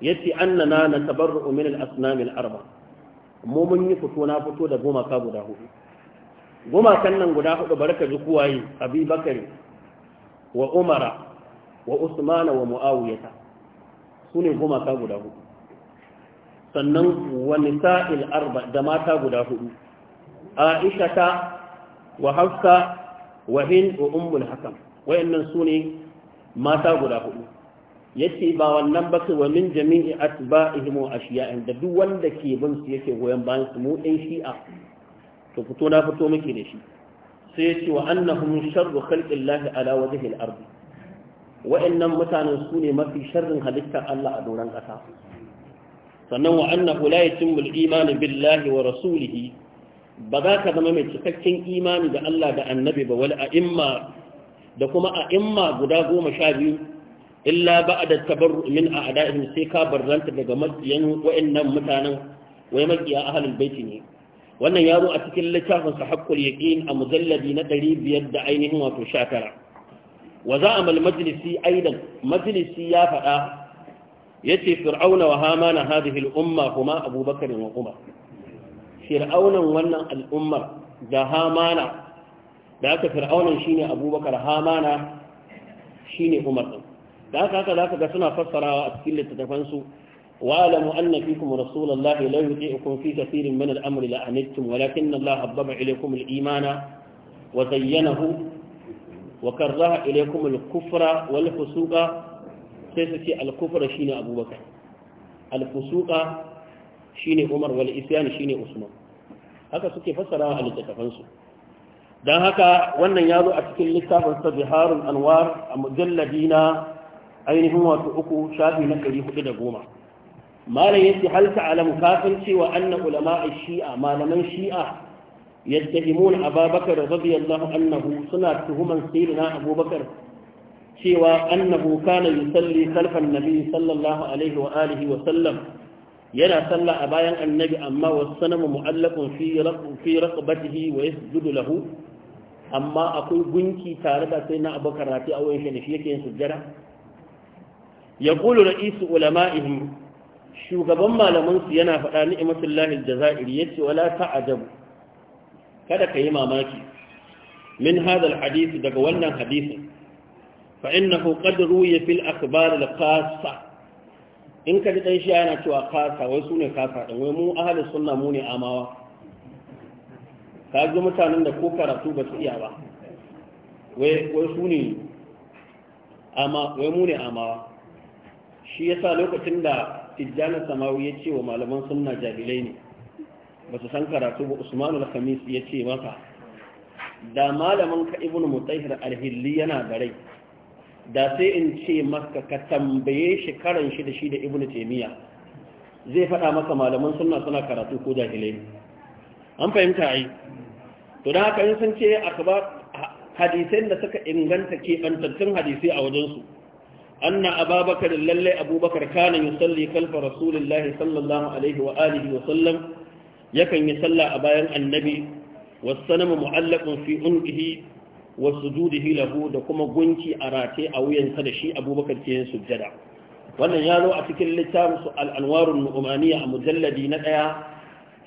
ya ce annana na tabarru min al-asnam arba mu mun yi fito na fito da goma guda hudu goma nan guda hudu barka ji kuwa kuwaye abubakar wa umara wa usmana wa muawiyata su ne ka guda hudu sannan wa nisa'il arba da mata guda hudu aisha ta wa hafsa wa hin wa ummul hakam wayannan sune mata guda hudu yace ba wannan ba wa min jami'i atba'ihim wa ashiya'in da duk wanda ke bin su yake goyon, bayan su mu shi'a to fito na fito muke da shi sai ce wa annahum sharru lahi ala wajhil ardi wa'annan mutanen su ne mafi sharrin halittar Allah a doron ƙasa sannan wa annahu la yatimmu al-iman billahi wa rasulihi ba za ka zama mai cikakken imani da Allah da annabi ba wal a'imma da kuma a'imma guda goma sha biyu illa ba'da tabarru min a'da'ihim sai ka barranta daga makiyan wa'annan mutanen wai makiya ahlul baiti ne wannan ya zo a cikin littafin sa haqqul yaqin a mujalladi na 500 da ainihin wato 19 wa za'a al majlisi aidan majlisi ya faɗa yace fir'auna wa hamana hadhihi al-umma kuma abubakar wa umar fir'aunan wannan al'ummar da hamana da aka fir'aunan shine abubakar hamana shine umar din da aka haka zaka ga suna fassarawa a cikin littattafan su wa'lamu anna fikum rasulullahi la yuti'ukum fi kathirin min al-amri la anittum walakin Allah habbaba ilaykum al-imana wa zayyanahu wa karraha ilaykum al-kufra wal fusuqa sai su ce alkufra shine abubakar alfusuqa shine umar wal isyan shine usman haka suke fassara a littattafan su dan haka wannan ya zo a cikin littafin sabiharul anwar a mujalladi ainihin wato uku shafi na goma. malam yace hal ta'lamu kafin cewa anna shi'a malaman shi'a yattahimun abubakar radiyallahu anhu suna tuhuman sayyidina abubakar cewa annahu kana yusalli khalfan nabi sallallahu alaihi wa alihi wa sallam yana salla a bayan annabi amma wasanamu mu'allaqun fi fi raqabatihi wa yasjudu lahu amma akwai gunki tare da sai na abubakar rafi a wayan shi yake yin sujjada ya ra'isu ulama'ihim shugaban malaman su yana faɗa ni'matullahi aljazairi yace wala ta'ajabu kada ka yi mamaki min hadal hadisi daga wannan hadisin فإنه قد روي في الأخبار الخاصة in ka ji ɗan shi yana cewa kasa wai su ne kasa wai mu ahalin sunna mu ne amawa ka ji mutanen da ko karatu ba su iya ba wai su ne wai mu ne amawa shi ya sa lokacin da tijjanin samawi ya ce wa malaman sunna jahilai ne ba su san karatu ba usmanul khamis ya ce maka da malamin ka ibnu mutahhir alhilli yana da rai da sai in ce maka ka tambaye shi karan shi da shi da taymiya zai faɗa maka malaman sunna suna karatu ko jahilai an fahimta ai to dan haka in sun ce akbar hadisan da suka inganta ke bantattun hadisi a wajen su anna ababakar lalle abubakar kana yusalli kalfa rasulullahi sallallahu alaihi wa alihi wa sallam yakan yi sallah a bayan annabi والسنم معلق في عنقه wa sujudihi lahu da kuma gunki a rate a wuyansa da shi abubakar ke yin sujjada wannan ya zo a cikin littafin su al'anwarun nu'umaniya a mujalladi na ɗaya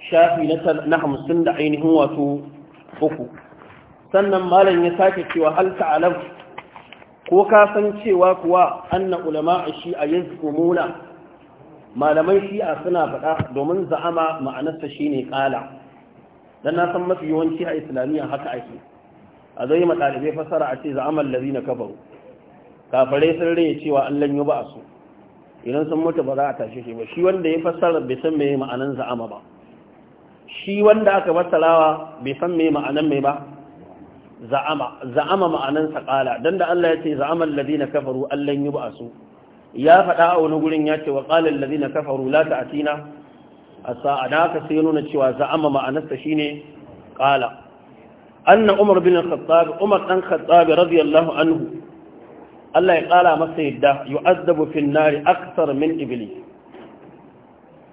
shafi na hamsin da ainihin wato uku sannan malam ya sake cewa hal ta'alam ko ka san cewa kuwa anna ulama a shi'a yazkumuna malamai shi'a suna faɗa domin za'ama ma'anarsa shine ƙala dan na san mafi yawanci a islamiyya haka ake a zai ma ɗalibai fasara a ce za'amal lazi na kafaru kafare sun rage cewa an lanyo ba a su idan sun mutu ba za a tashe shi ba shi wanda ya fassara bai san mai ma'anan za'ama ba shi wanda aka fassarawa bai san mai ma'anan mai ba za'ama za'ama ma'anan saƙala don da Allah ya ce za'amal lazi na kafaru an lanyo ba a su ya faɗa a wani gurin ya ce wa ƙalar lazi na kafaru la ta'atina a sa'a da aka sai nuna cewa za'ama ma'anarsa shine ƙala anna umar bin al-khattab umar dan khattab radiyallahu anhu Allah ya kara masa yadda yu'azzabu fil nar akthar min iblis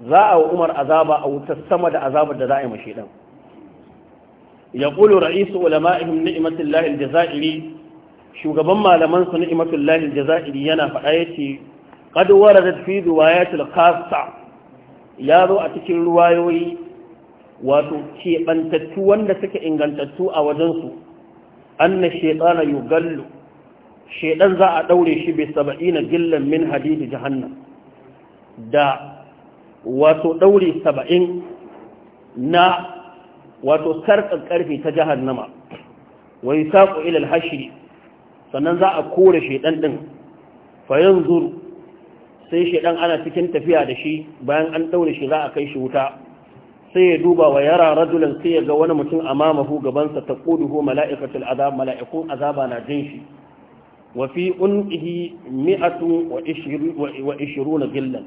za a umar azaba a wutar sama da azabar da za a yi mashi dan yaqulu ra'isu ulama'ihim ni'matullahi al-jazairi shugaban malaman su ni'matullahi al-jazairi yana faɗa yace qad waradat fi riwayatil khassa ya zo a cikin ruwayoyi wato keɓantattu wanda suke ingantattu a wajensu anna shaitana yugallu shaitan za a ɗaure shi bai na gillan min hadidi jahannan. da wato ɗaure saba'in na wato sarƙar ƙarfi ta jahannama wai saƙo ilal hashiri sannan za a kore shaitan ɗin fayan zuru sai shaitan ana cikin tafiya da shi bayan an ɗaure shi za a kai shi wuta sai ya duba wa yara rajulan sai ya ga wani mutum amamahu gabansa ta kuduhu mala'ikatul azab mala'ikun azaba na jin shi wa fi unqihi mi'atun wa ishiruna gillan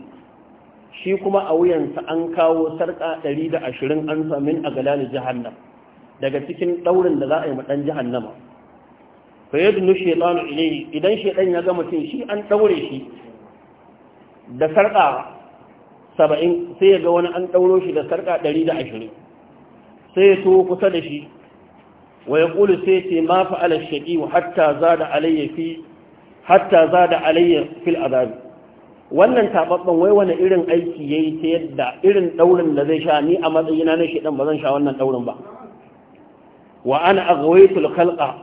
shi kuma a wuyansa an kawo sarka 120 an samin a galani jahannam daga cikin daurin da za a yi dan jahannama fa yadnu shaytanu ilayhi idan shaytan ya ga mutum shi an daure shi da sarka saba'in sai ya ga wani an ɗauro shi da sarƙa ɗari da ashirin sai ya to kusa da shi wa ya sai ce ma fa'ala shaƙi hatta za da alayya fi hatta za da alayya fil azabi wannan taɓaɓɓen wai wani irin aiki ya yi ta yadda irin ɗaurin da zai sha ni a matsayina na shaɗan ba zan sha wannan ɗaurin ba wa ana agawaitul kalƙa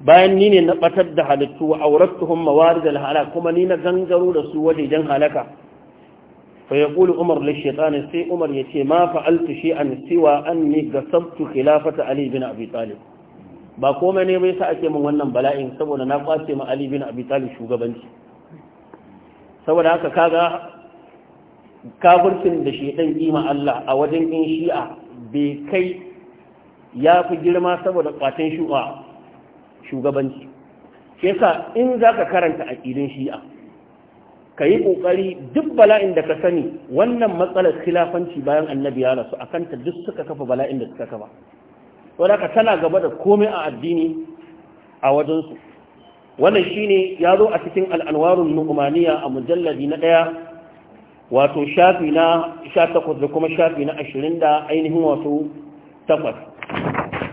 bayan ni ne na batar da halittu wa aurattuhum mawarid da halak kuma ni na gangaro da su wajejen halaka fa yaqulu umar li shaytan sai umar ya ce ma shi an siwa ga sabtu khilafata ali bin abi talib ba komai ne bai sa ake min wannan bala'in saboda na kwace ma ali bin abi talib shugabanci saboda haka kaga kafircin da shaytan kima Allah a wajen in shi'a bai kai ya fi girma saboda kwatin shugabanci shi yasa in za ka karanta a aqidin shi'a ka yi ƙoƙari duk bala'in da ka sani wannan matsalar khilafanci bayan annabi ya rasu akan ta duk suka kafa bala'in da suka kafa wadda ka tana gaba da komai a addini a wajensu wannan shine ya zo a cikin al'anwarun nu'umaniya a mujalladi na ɗaya wato shafi na sha takwas da kuma shafi na ashirin da ainihin wato takwas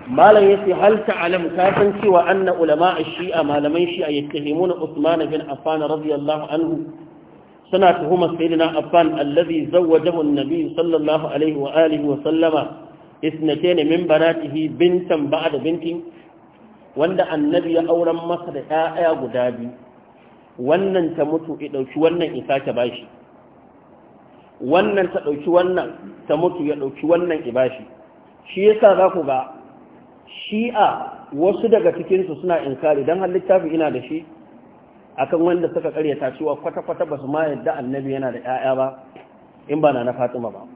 malam ce hal ta'lam ka san cewa anna ulama a shia malaman shi'a yattahimuna Uthman bin Affan radiyallahu anhu suna tuhumar sayyidina affan allazi zawwajahu an-nabi sallallahu alaihi wa alihi wa sallama isnatayn min banatihi bintan ba'da bintin wanda annabi ya auren masa da ƴaƴa guda biyu wannan ta mutu ya dauki wannan isa ta bashi wannan ta dauki wannan ta mutu ya dauki wannan ibashi shi yasa za ku ga shi'a wasu daga cikinsu suna inkari don har littafi ina da shi akan wanda suka karyata cewa kwata-kwata ba su ma yadda annabi yana da 'ya'ya ba in ba na fatima ba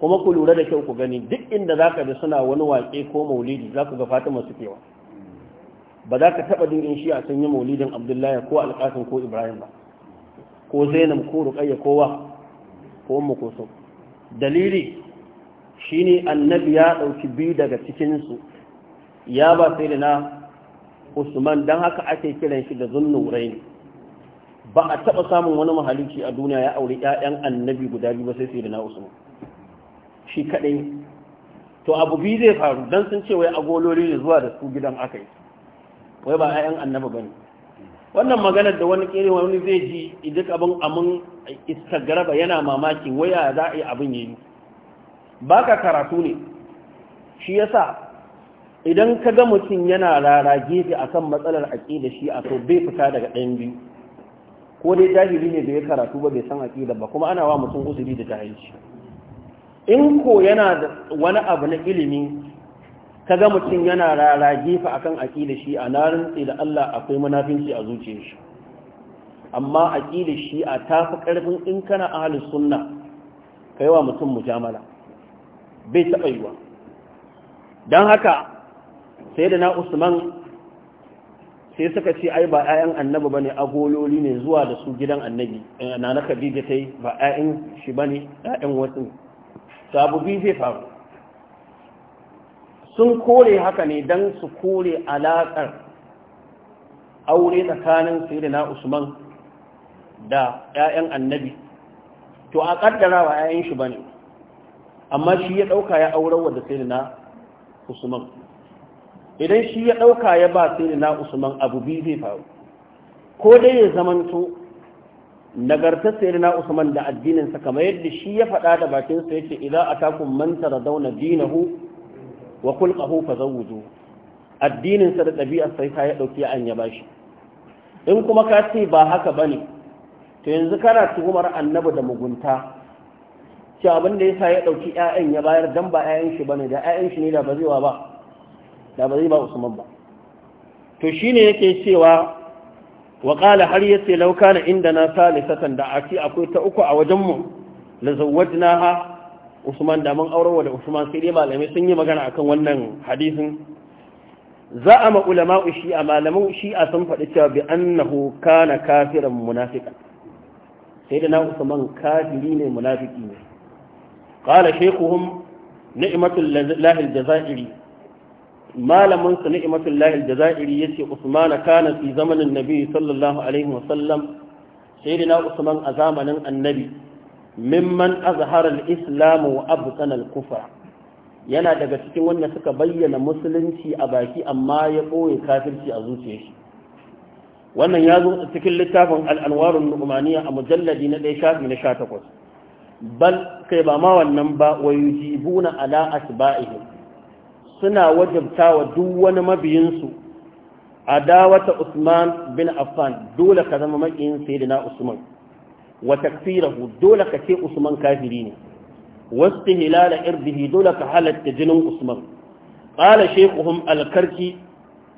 kuma ku lura da kyau ku gani duk inda za ka bi suna wani waƙe ko maulidi za ku ga fatima su kewa ba za ka taɓa jin in shi a sun yi maulidin abdullahi ko alƙasin ko ibrahim ba ko zainab ko Ruqayya ko wa ko umma ko so dalili shine annabi ya ɗauki biyu daga cikin su ya ba sai da na usman dan haka ake kiran shi da zunnurain ba a taba samun wani mahalici a duniya ya auri ya'yan annabi guda biyu ba sai da usman shi kadai to abu biyu zai faru dan sun ce wai agololi ne zuwa da su gidan akai wai ba ƴaƴan annabi bane wannan maganar da wani kere wani zai ji idan abin amin istagaraba yana mamaki waya za a yi abin yi ba ka karatu ne shi yasa idan ka ga mutum yana rara gefe a kan matsalar aƙida shi a to bai fita daga ɗayan biyu ko dai jahili ne bai karatu ba bai san aƙida ba kuma ana wa mutum uzuri da jahilci in ko yana da wani abu na ilimi ka ga mutum yana rara gefe akan aƙida shi a na rantsi da Allah akwai munafinci a zuciyar shi amma aƙida shi a tafi ƙarfin in kana ahalin sunna kai wa mutum mujamala bai taɓa yiwa don haka sai da na usman sai suka ce ai ba 'ya'yan annabi bane agololi ne zuwa da su gidan annabi eh, na na ta tai ba 'ya'yan shi bane 'ya'yan wasu sabu bi zai faru sun kore haka ne dan su kore alaƙar aure tsakanin sai da na usman da 'ya'yan annabi to a kaddara wa 'ya'yan shi bane amma shi ya ɗauka ya aurar wa da na usman idan shi ya ɗauka ya ba sai na usman abu biyu zai faru ko dai ya zamanto nagarta sai na usman da addininsa kamar yadda shi ya faɗa da bakinsa ya ce idan a takun manta da zauna dinahu wa kulƙahu fa zawuju addininsa da ɗabi'ar sai ka ya ɗauki an ya bashi in kuma ka ce ba haka ba ne to yanzu kana tuhumar annabi da mugunta ce abin da ya sa ya ɗauki 'ya'yan ya bayar dan ba 'ya'yan shi ba ne da 'ya'yan shi ne da ba zai wa ba da ba zai ba usman ba to ne yake cewa wa ya har lauka na inda na salisatan da aki akwai ta uku a wajen mu na ha usman da mun aurawa da usman sai dai malamai sun yi magana akan wannan hadisin za'ama a shi'a shi shi'a sun faɗi cewa bi annahu kana kafiran munafiqan sai da na usman kafiri ne munafiki ne qala shaykhuhum ni'matul lahi jazairi malamin su ni'matullah al-jazairi yace Usman kana fi zamanin Nabi sallallahu alaihi wa sallam Usman a zamanin Annabi mimman azhara al-islam wa abtana al-kufra yana daga cikin wanda suka bayyana musulunci a baki amma ya boye kafirci a zuciyar shi wannan ya zo cikin littafin al-anwarun nu'maniya a mujalladi na 1 shafi na 18 bal kai ba ma wannan ba wayujibuna ala asba'ihim suna wajabta wa duk wani mabiyinsu adawata Usman bin Affan dole ka zama makiyin na Usman wa takfirahu dole ka ce Usman kafiri ne wasu hilala irdihi dole ka halatta jinin Usman qala shaykhuhum alkarki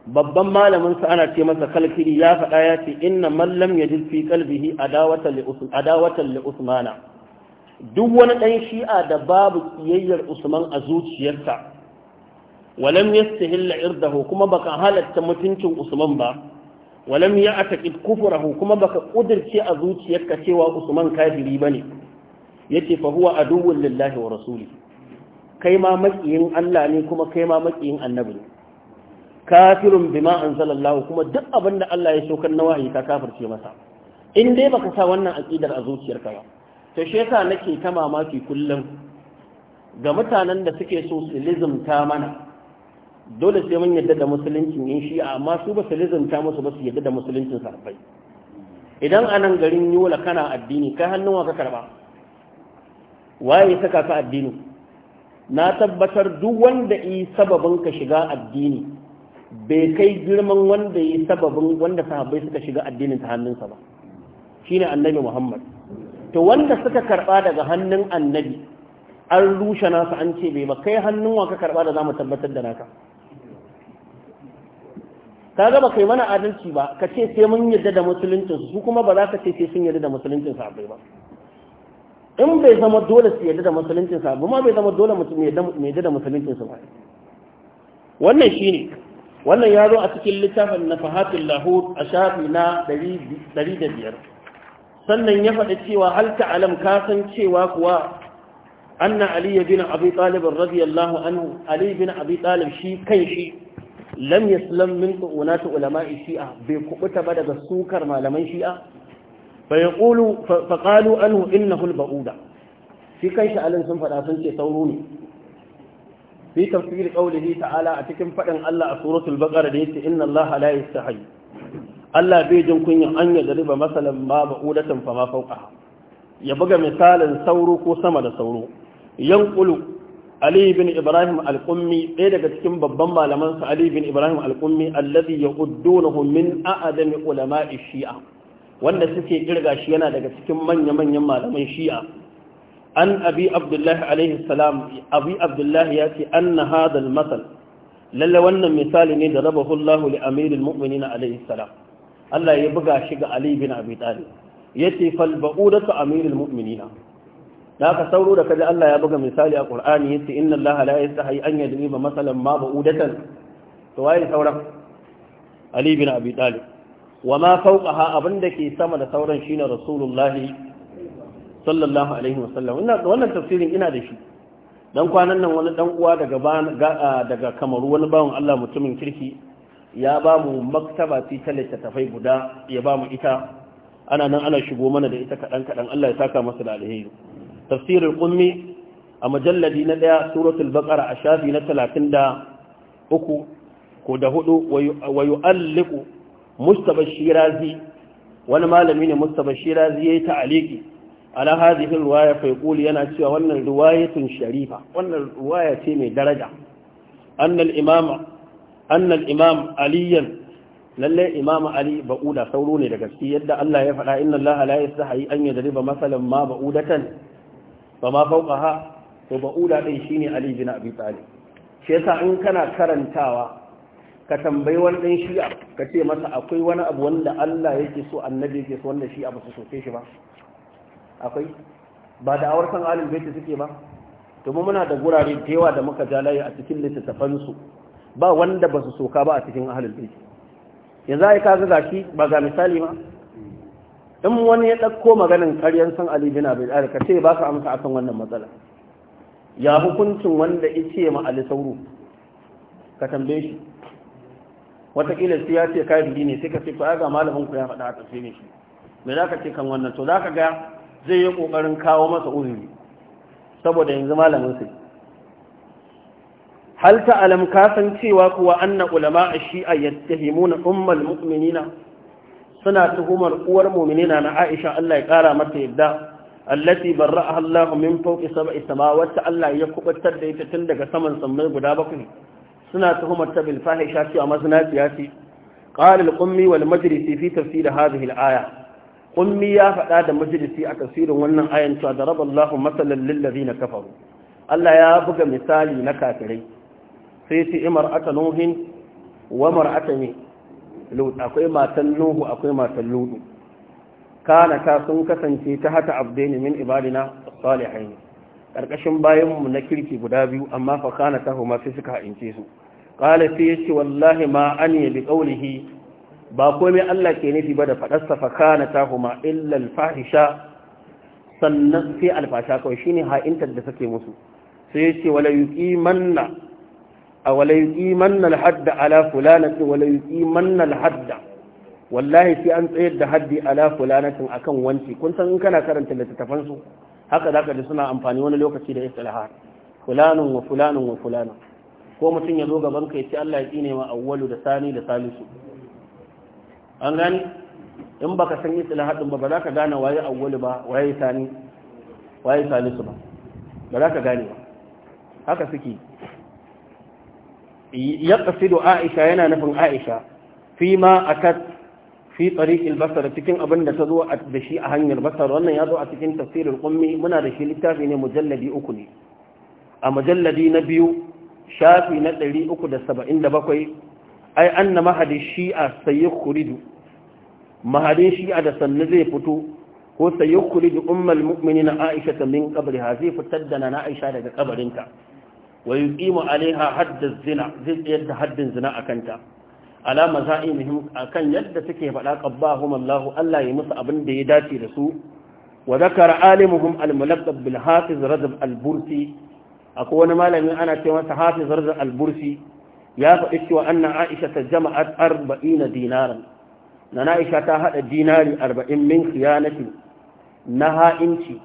babban malamin sa ana ce masa kalkiri ya faɗa ya ce inna mallam lam yajid fi qalbihi adawatan li Usmana duk wani ɗan shi'a da babu kiyayyar Usman a zuciyarsa walam yastahilla d'aho kuma baka halarta mutuncin usman ba walam ya ataqid kufrahu kuma baka kudirce a zuciyarka cewa usman kafiri ne, yace fa huwa aduwwun lillahi wa rasuli kai ma makiyin Allah ne kuma kai ma makiyin annabi Kafirin kafirun bima anzalallahu kuma duk abinda Allah ya saukar na wahayi ka kafirce masa in dai baka sa wannan aƙidar a zuciyarka ba to shi nake ta mamaki kullum ga mutanen da suke so su lizumta mana dole sai mun yadda da musuluncin yin shi amma su ba su lizanta musu ba su yadda da musuluncin sarfai idan a nan garin yola kana addini kai hannun wa ka karba waye saka ka addini na tabbatar duk wanda yi sababin ka shiga addini bai kai girman wanda yi sababin wanda sahabbai suka shiga addinin ta hannunsa ba shine annabi muhammad to wanda suka karba daga hannun annabi an rushe nasu an ce bai ba kai hannun wa ka karba da zamu tabbatar da naka ka ga ba kai mana adalci ba ka ce sai mun yarda da musuluncinsu su kuma ba za ka ce sai sun yarda da musuluncinsu su abai ba in bai zama dole su yarda da musuluncinsu su ma bai zama dole mutum yarda da musuluncinsu ba wannan shi ne, wannan ya zo a cikin littafin na fahatul lahut a shafi na 105 sannan ya faɗi cewa hal ta'alam ka san cewa kuwa anna Aliyu bin abi talib radiyallahu anhu Aliyu bin abi talib shi kan shi lam yaslam min tu'unat ulama'i shi'a bai kubuta ba daga sukar malaman shi'a fa yaqulu fa qalu anhu innahu al-ba'uda shi kanshi sha'alin sun fada sun ce sauro ne fi tafsir qawlihi ta'ala a cikin fadin Allah a suratul baqara da yace inna Allah la yastahi Allah bai jin kunya, an ya dariba masalan ma ba'udatan fa ma fawqa ya buga misalin sauro ko sama da sauro yanqulu Aliyu bin Ibrahim al-Qummi ɗaya daga cikin babban malaman sa Ali bin Ibrahim al-Qummi allazi yaquddunahu min a'dami ulama'i Shi'a wanda suke kirga shi yana daga cikin manya-manyan malaman Shi'a an Abi alaihi salam Abi Abdullah ya ce anna hadha al-masal lalle wannan misali ne da raba Allah li amiril mu'minin alaihi salam Allah ya buga shi ga Ali bin Abi Talib yace fal ba'udatu amiril mu'minina da aka sauro da kaji Allah ya buga misali a Qur'ani yace inna Allah la yastahi an yadriba masalan ma ba'udatan to waye sauran Ali bin Abi Talib ma fawqaha abinda ke sama da sauran shine Rasulullah sallallahu alaihi wasallam ina wannan tafsirin ina da shi dan kwanan nan wani dan uwa daga daga Kamaru wani bawon Allah mutumin kirki ya ba mu maktaba ce ta littattafai guda ya ba mu ita ana nan ana shigo mana da ita kaɗan kaɗan Allah ya saka masa da alheri tafsirin ƙummi a majalladi na ɗaya suratul baƙara a shafi na talatin da uku ko da hudu wa alliku mustaba shirazi wani malami ne mustaba shirazi yayi ta'aliki ala hadhihi riwaya fa yana cewa wannan riwayatun sharifa wannan riwaya ce mai daraja anna al-imama anna imam aliyan lalle imam ali ba'uda sauro ne da gaske yadda Allah ya faɗa inna Allah la yastahi an yadriba masalan ma ba'udatan ba ma ha? to Uda din shine ali bin abi talib shi yasa in kana karantawa ka tambayi wani dan shi'a ka ce masa akwai wani abu wanda Allah yake so annabi yake so wanda shi abu su soke shi ba akwai ba da awar san alim bai suke ba to mu muna da gurare da yawa da muka ja layi a cikin littafan su ba wanda ba su soka ba a cikin ahlul baiti yanzu ai kaga gashi ba ga misali ma in wani ya ɗauko maganin karyar san Ali bin Abi Talib ka ce ba ka amsa akan wannan matsala ya hukuncin wanda ya ce ma Ali sauro ka tambaye shi wataƙila sai ya ce kai ne sai ka ce ga malamin ku ya faɗa a ne shi me za ka ce kan wannan to za ka ga zai yi ƙoƙarin kawo masa uzuri saboda yanzu malamin sai hal ta alam ka san cewa kuwa anna ulama a shi'a yattahimuna ummul mu'minina suna tuhumar uwar mu'minina na Aisha Allah ya kara mata yadda allati barra'aha Allah min fawqi sab'i samawati wacce Allah ya kubatar da ita tun daga saman sammai guda bakwai suna tuhumar ta bil fahisha cewa mazinaciya ce qala al qummi wal majlisi fi tafsir hadhihi al aya qummi ya faɗa da majlisi a tafsirin wannan ayan cewa daraba Allah masalan lil ladina kafaru Allah ya buga misali na kafirai sai ce imar ata wa mar'ata lut akwai matan nuhu akwai matan ludu kana ta sun kasance ta hata abdaini min ibadina salihain karkashin bayan mu na kirki guda biyu amma fa kana ta huma sai suka haɗince su qala fi yace wallahi ma ya bi qawlihi ba komai Allah ke nufi ba da fadarsa fa kana ta huma illa al fahisha sannan sai al fahisha kawai shine ha'intar da take musu sai yace wala yuqimanna a wala yuqimanna hadda ala fulanatin wala yuqimanna al-hadda wallahi sai an tsayar da haddi ala fulanatin akan wanci kun san in kana karanta littattafan su haka zaka ji suna amfani wani lokaci da istilaha fulanun wa fulanun wa fulanun ko mutum ya zo gaban ka ya ce Allah ya tsine ma awwalu da sani da salisu an gani in baka san istilaha din ba ba za ka gane waye awwalu ba waye sani waye salisu ba ba za ka gane ba haka suke ya kasidu aisha yana nufin aisha fi ma akat fi tariqil basar cikin abin da ta zo da shi a hanyar basar wannan ya zo a cikin tafsirul qummi muna da shi littafi ne mujalladi uku ne a mujalladi na biyu shafi na ɗari da bakwai, ai anna mahadi shi'a sayyukuridu mahadin shi'a da sannu zai fito ko sayyukuridu ummul na aisha min ha zai fitar da na aisha daga kabarinta wa yuqimu alaiha haddaz zina zai tsayar da haddin zina akan ta ala mazaimihim akan yadda suke faɗa qabbahum Allah Allah ya musu abin da ya dace da su wa zakara alimuhum al-mulaqab bil hafiz radab al-bursi akwai wani malami ana ce masa hafiz radab al ya faɗi cewa anna Aisha ta jama'at 40 dinaran na Aisha ta haɗa dinari 40 min khiyanati na ha'inci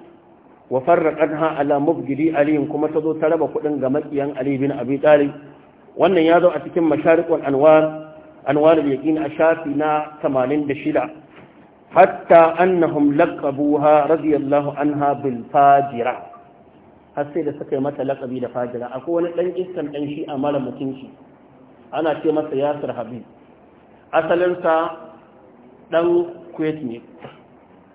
wa ha ala mubgidi ali kuma tazo ta raba kudin ga makiyan ali bin abi talib wannan ya zo a cikin masharikul anwar anwar yaqin a shafi na 86 hatta annahum laqabuha radiyallahu anha bil fajira har sai da suka yi mata laqabi da fajira akwai wani dan iskan dan shi a mara mutunci ana ce masa yasir habib asalinsa dan kuwait ne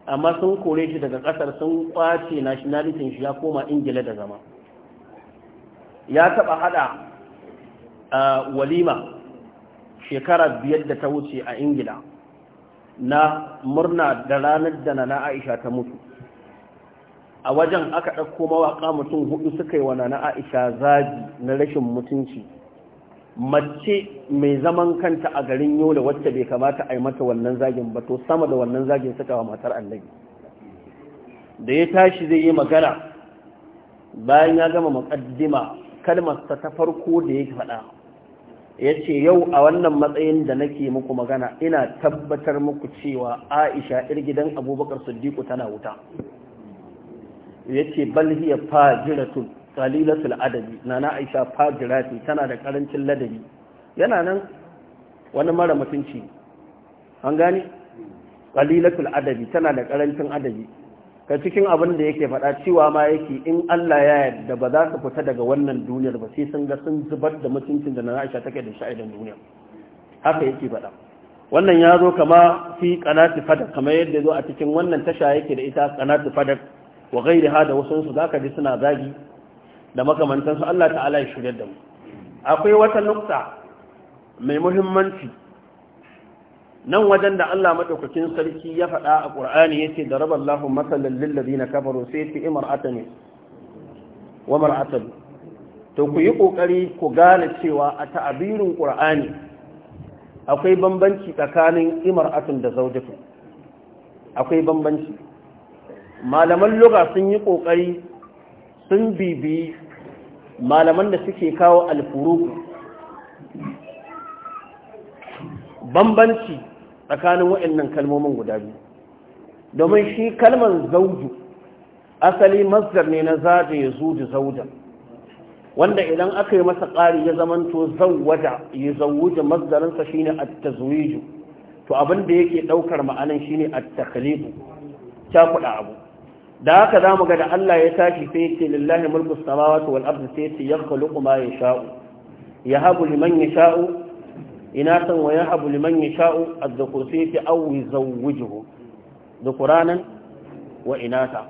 amma sun kore shi daga kasar sun kwace nationalitin shi ya koma ingila da zama ya taba hada walima shekara biyar da ta wuce a ingila na murna da ranar da na aisha ta mutu a wajen aka ɗauko mawaƙa mutum hudu suka yi wa na aisha zagi na rashin mutunci mace mai zaman kanta a garin yola wacce bai kamata a yi mata wannan zagin ba to sama da wannan zagin suka wa matar annabi da ya tashi zai yi magana bayan ya gama makaddima kalmar ta farko da ya faɗa ya ce yau a wannan matsayin da nake muku magana ina tabbatar muku cewa aisha ir gidan abubakar siddiqu tana wuta ya ce balhiya fajiratun qalilatul adabi nana Aisha fajirati tana da karancin ladabi yana nan wani mara mutunci an gani qalilatul adabi tana da karancin adabi ka cikin abin da yake faɗa cewa ma yake in Allah ya yarda ba za ka fita daga wannan duniyar ba sai sun ga sun zubar da mutuncin da nana Aisha take da shi a duniya haka yake faɗa wannan ya zo kama fi qanati fadak kamar yadda zo a cikin wannan tasha yake da ita qanati fadak wa gairi da wasu su zaka ji suna zagi da makamantansu Allah ta'ala ya shirya da mu akwai wata nukta mai muhimmanci nan wajen da Allah madaukakin sarki ya faɗa a ya ce da raballahu masalan lil na kafaro sai ce imra'atan wa mar'atan to ku yi ƙoƙari ku gane cewa a ta'abirin Qur'ani akwai bambanci tsakanin imra'atun da zaujatu akwai bambanci malaman lugha sun yi ƙoƙari sun bibiyi malaman da suke kawo alfuruku bambanci tsakanin waɗannan kalmomin guda biyu domin shi kalman zauju asali masdar ne na zaje ya zuji zauja wanda idan aka yi masa ƙari ya zamanto zauwaja ya mazdarinsa masdarinsa shine at-tazwiju to abin da yake ɗaukar ma'anan shine at-takhliqu abu da haka za mu ga da Allah ya tashi sai yace lillahi mulku samawati wal ardi sai yace yakhluqu ma Ya yahabu liman ya sha'u? Ina inasan wa ya yahabu liman yasha'u az-zakur sai yace aw yuzawwijuhu dhukuranan wa inasa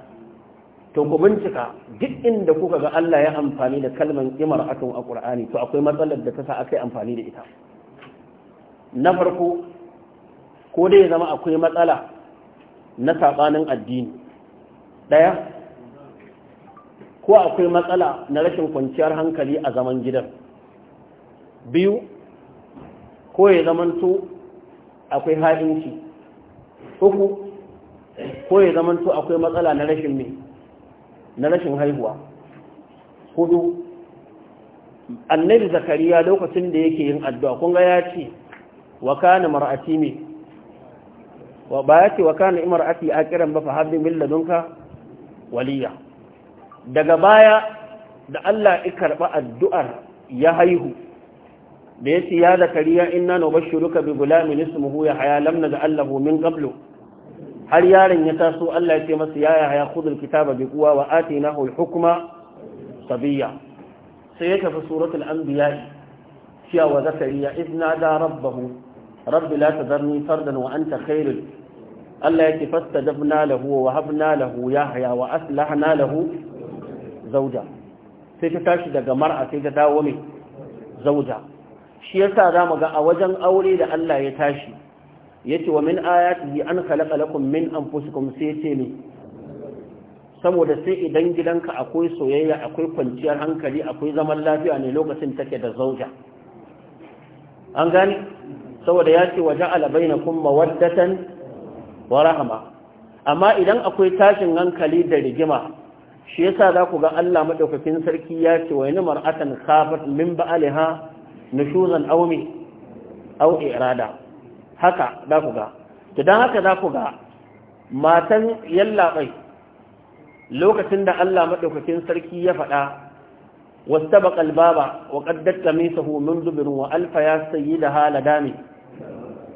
to ku bincika duk inda kuka ga Allah ya amfani da kalman imar'atun a Qur'ani to akwai matsalar da ta sa akai amfani da ita na farko ko dai zama akwai matsala na sabanin addini ɗaya ko akwai matsala na rashin kwanciyar hankali a zaman gidan biyu ko ya zamanto akwai ha'inci uku ko ya zamanto akwai matsala na rashin mai na rashin haihuwa hudu annabi zakariya lokacin da yake yin addu'a kun ga ya ce wa kana mar'ati ne wa ba ya ce wa kana imar'ati akiran ba fa habbi min ladunka waliya daga baya da Allah ya karba addu'ar ya haihu da yace ya zakariya inna nubashshiruka bi gulamin haya lamna da allahu min gablo har yaron ya taso Allah ya ce masa ya haya kudin kitaba bi quwwa wa atinahu al hukuma sabiyya sai ya tafi suratul anbiya cewa zakariya idna da rabbahu rabbi la tadarni fardan wa anta khairul Allah yake fastajabna lahu wa habna lahu yahya wa aslahna lahu zauja sai ta tashi daga mar'a sai ta dawo mai zauja shi yasa zamu ga a wajen aure da Allah ya tashi yace wa min ayatihi an khalaqa lakum min anfusikum sai yace ne saboda sai idan gidanka akwai soyayya akwai kwanciyar hankali akwai zaman lafiya ne lokacin take da zauja an gane saboda yace wa ja'ala bainakum mawaddatan wa rahama amma idan akwai tashin hankali da rigima shi yasa za ku ga Allah maɗaukakin sarki ya ce wa yana mar'atan khafat min ba'aliha nushuzan aw mi aw irada haka za ku ga to dan haka za ku ga matan yallabai lokacin da Allah maɗaukakin sarki ya faɗa واستبق الباب وقدت قميصه من دبر والف يا سيدها لدامي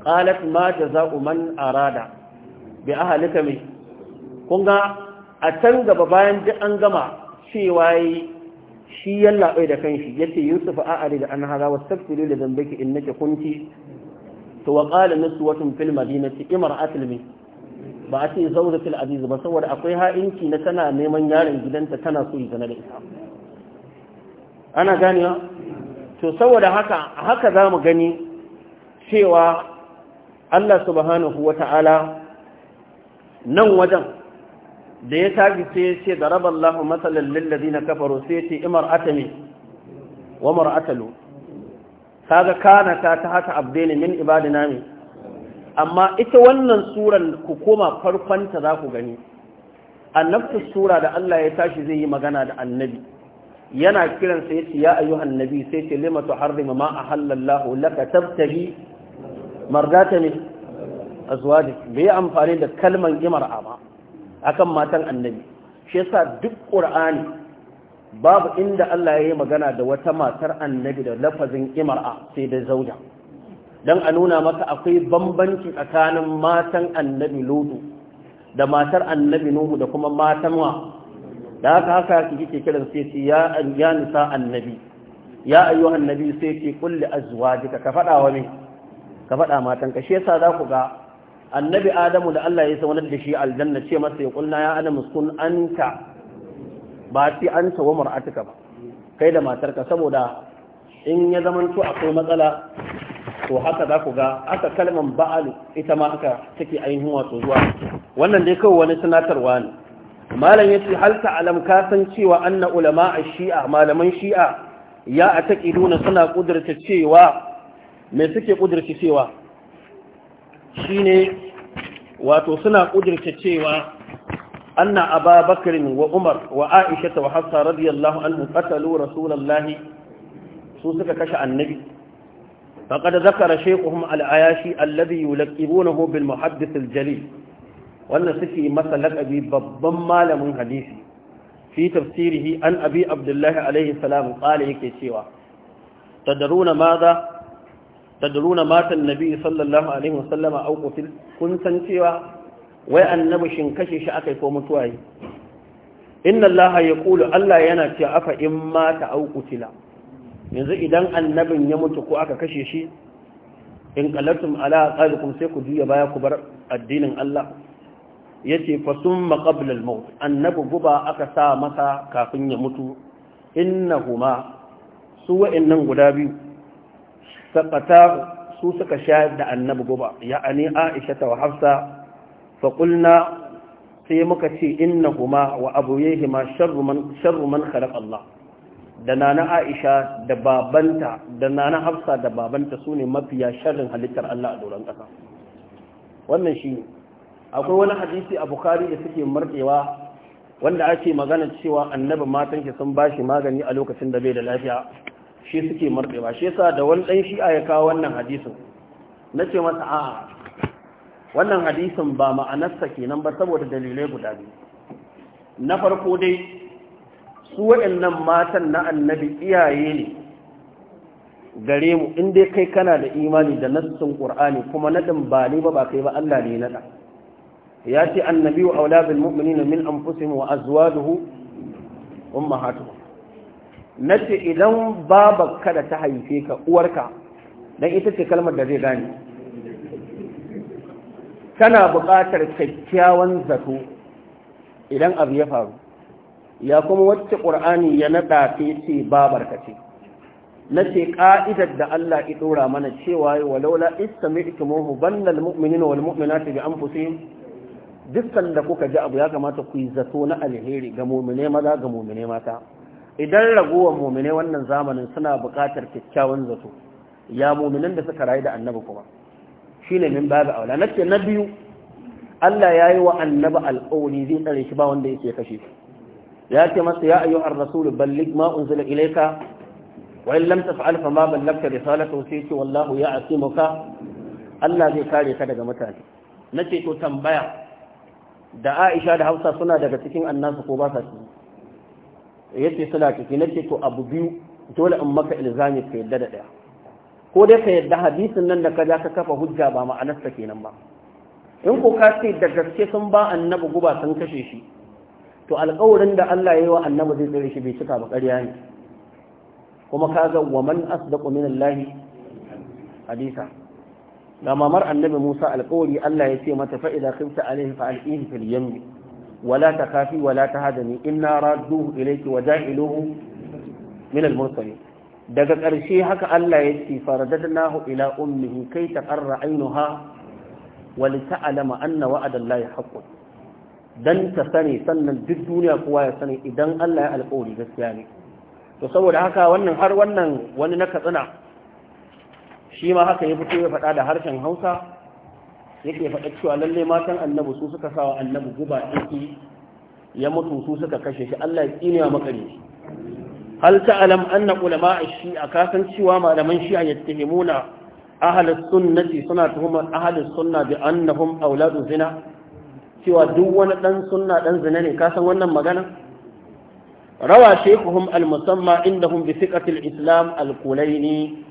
قالت ما جزاء من اراد bi ahalika mai kun ga a can gaba bayan duk an gama cewa shi yalla da kanshi yace yusuf a ari da an hara wa tafsiru da zambaki nake kunci. to wa qala niswatun fil ci imar min ba a ce zaunatul aziz ba saboda akwai ha'inci na tana neman yaron gidanta tana so yi zana da ita ana ganewa to saboda haka haka za mu gani cewa Allah subhanahu wa ta'ala nan wajen da ya tagi sai ya ce rabar Lahu matsalan lillazi na kafaro sai ya ce imar atami wa mar'atalu kaga kana ta ta hata abdaini min ibadina mi amma ita wannan tsuran ku koma farkonta za ku gani annabtu sura da Allah ya tashi zai yi magana da annabi yana kiransa yace ya ayyuhan nabi sai ce lima tuharrima ma ahallallahu laka tabtagi mardata min azwajin bai amfani da kalman imra'a ba kan matan annabi shi yasa duk qur'ani babu inda Allah ya yi magana da wata matar annabi da lafazin a sai da zauja dan a nuna maka akwai bambanci tsakanin matan annabi lutu da matar annabi nuhu da kuma matan wa da haka haka kike kiran sai ya ya nisa annabi ya ayyuhan nabi sai ki kulli azwajika ka fada wa ne ka faɗa matan ka shi yasa za ku ga annabi adamu da Allah ya sanar da shi aljanna ce masa ya kulna ya adamu sun anta ba sai anta wa mar'atuka ba kai da matarka saboda in ya zamanto akwai matsala to haka za ku ga aka kalman ba'al ita ma aka take ainihin wato zuwa wannan dai kawai wani sanatarwa ne malam ya ce hal alam ka san cewa anna ulama shia malaman shi'a ya ataqiduna suna kudurta cewa me suke kudurta cewa shi ne wato suna ƙudurta cewa anna aba bakirin wa umar wa aisha ta wa hassa radiyallahu annu katalu rasulallahi su suka kashe annabi faƙada zakara shekuhun al'ayashi alladhi yulaƙibu na hobin muhaddisul jalil wannan suke masa lakabi babban malamin hadisi fi tafsirihi an abi abdullahi alaihi salam ƙale yake cewa tadaruna maza tadruna matan nabi sallallahu alaihi wasallama qutil kun san cewa wai annabi shin kashe shi akai ko mutuwa yi inna allaha yaqulu allah yana cewa afa in mata aw qutila yanzu idan annabin ya mutu ko aka kashe shi in qalatum ala aqalikum sai ku juya baya ku bar addinin allah yace fa summa qabla al-maut annabi guba aka sa masa kafin ya mutu innahuma su wa'annan guda biyu sakata su suka shayar da annabi guba ya ani aisha ta wa hafsa fa qulna sai muka ce kuma wa abu sharru man sharru man khalaq Allah da nana Aisha da babanta da nana Hafsa da babanta su ne mafiya sharrin halittar Allah a doron kasa wannan shi akwai wani hadisi a Bukhari da suke markewa wanda ake magana cewa annabi matan shi sun bashi magani a lokacin da bai da lafiya shi suke ba shi yasa da wani ɗan shi'a ya kawo wannan hadisin na ce masa a'a wannan hadisin ba ma'anarsa kenan ba saboda dalilai guda biyu na farko dai su waɗannan matan na annabi iyaye ne gare mu in dai kai kana da imani da nassin qur'ani kuma nadin ba ne ba ba kai ba Allah ne nada ya ce annabi wa aula mu'minina min anfusihim wa azwajuhu ummahatuhum na ce idan babarka da ta haife ka uwarka don ita ce kalmar da zai gane tana buƙatar kyakkyawan zato idan abu ya faru ya kuma wacce ƙur'ani ya naɗa ta ce babarka ce na ce ƙa'idar da Allah ya ɗora mana cewa yi wa laula ista mai ikimohu bannal muminin wal mu'minati bi fusi dukkan da kuka ji abu ya kamata ku yi zato na alheri ga mu'mine maza ga mu'mine mata idan ragowar mumine wannan zamanin suna buƙatar kyakkyawan zato ya muminan da suka rayu da annabi kuma shine min babu aula ce na biyu Allah ya yi wa annabi alƙawari zai tsare shi ba wanda yake kashe shi ya ce masa ya ayyuhar rasul ballig ma unzila ilayka wa in lam taf'al fa ma ballagta risalatahu sai ce wallahu ya'simuka Allah zai kare ka daga mutane nace to tambaya da Aisha da Hafsa suna daga cikin annasu ko ba sa cikin yace suna ciki nace to abu biyu dole in maka ilzami ka yadda da daya ko dai ka yadda hadisin nan da ka ja ka kafa hujja ba ma'anarsa kenan ba in ko ka ce da gaske sun ba annabi guba sun kashe shi to alƙawarin da Allah ya yi wa annabi zai tsare shi bai cika ba ƙarya ne kuma kaga wa man asdaqu min Allah hadisa da mamar annabi Musa alƙawari Allah ya ce mata fa idza khifta alaihi fa alqihi fil wala ta kafi wala ta hadani inna radduhu ilayki wa ja'iluhu daga ƙarshe haka Allah ya ce faradadnahu ila ummihi kai ta qarra ainuha wa li ta'lama anna wa'adallahi haqqun dan ta sani sannan duk duniya kowa ya sani idan Allah ya alƙawari gaskiya ne to saboda haka wannan har wannan wani na katsina shi ma haka ya fito ya faɗa da harshen Hausa yake faɗa cewa lalle matan annabi su suka sawa annabi guba ɗiki ya mutu su suka kashe shi Allah ya tsine wa makare hal ta'lam anna ulama shi'a kasan cewa malaman shi'a yattahimuna ahlus sunnati suna tuhumar ahlus sunna bi annahum auladu zina cewa duk wani dan sunna dan zina ne kasan wannan magana rawa shaykhuhum al-musamma indahum bi thiqati al-islam al-kulaini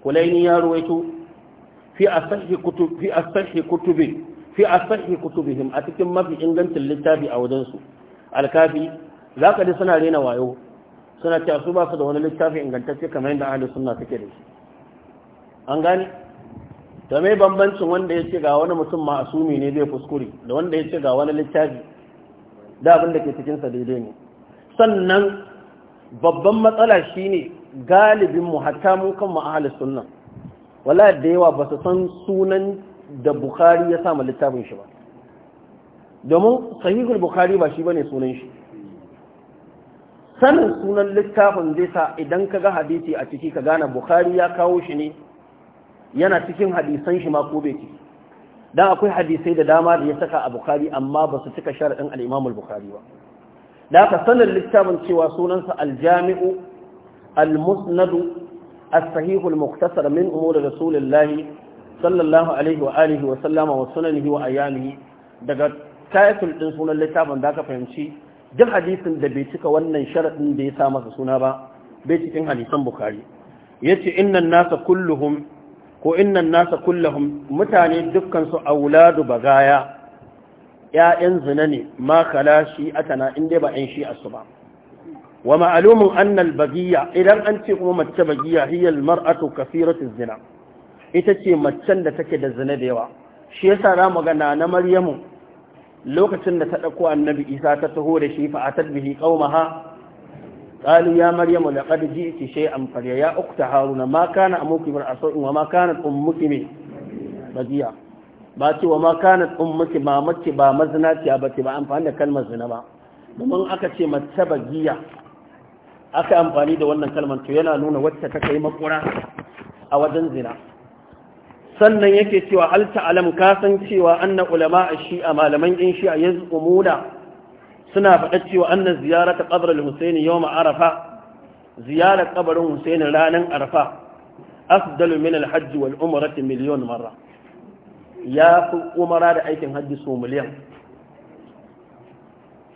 kulaini ya ruwaito fi asahi kutub fi asahi kutubi fi asahi kutubihim a cikin mafi ingancin littafi a wajen su alkafi zaka ji suna rena wayo suna cewa su ba su da wani littafi ingantacce kamar yadda ahli sunna suke da shi an gane da mai bambancin wanda ya ga wani mutum ma'asumi ne bai kuskure da wanda ya ci ga wani littafi da abin da ke sa daidai ne sannan babban matsala shine galibin mu hatta mu kan mu ahlus sunna wala da yawa ba su san sunan da bukhari ya sama littafin shi ba domin sahihul bukhari ba shi ba ne sunan shi sanin sunan littafin zai sa idan ka ga hadisi a ciki ka gane bukhari ya kawo shi ne yana cikin hadisan shi ma ko bai ciki don akwai hadisai da dama da ya saka a bukari amma ba su cika sharaɗin al'imamul bukari bukhari ba da ka sanin littafin cewa sunansa aljami'u jamiu al musnadu الصحيح المختصر من أمور رسول الله صلى الله عليه وآله وسلم وسننه وأيامه daga tayatul ɗin sunan littafin da aka fahimci duk hadisin da bai cika wannan sharaɗin da ya sa masa suna ba bai cikin hadisan bukhari yace innan nasa kulluhum ko innan nasa kulluhum mutane dukkan su auladu bagaya ƴaƴan zina ne ma kala shi atana in dai ba ƴan shi asu ba wa ma'alumin annal bagiya idan an ce kuma mace bagiya hiya mar'atu kafiratu zina ita ce macen da take da zina da yawa shi yasa za mu ga na maryamu lokacin da ta ɗauko annabi isa ta taho da shi fa'atar bihi qaumaha qalu ya maryamu laqad ji'ti shay'an farya ya ukta haruna ma kana amuki bar ma kanat ummuki min bagiya ba ce wa ma kanat ummuki ba mace ba mazinaciya ba ce ba amfani da kalmar zina ba domin aka ce mace bagiya aka amfani da wannan kalmar to yana nuna wacce ta kai makura a wajen zina sannan yake cewa hal ta'lam ka san cewa anna ulama shi'a malaman in shi'a yazumuna suna faɗa cewa anna ziyarata qabr al-husaini yawm arafa ziyarar kabarin husaini ranar arafa afdalu min al-hajj wal umrati miliyon marra ya fi umara da aikin hajji so miliyan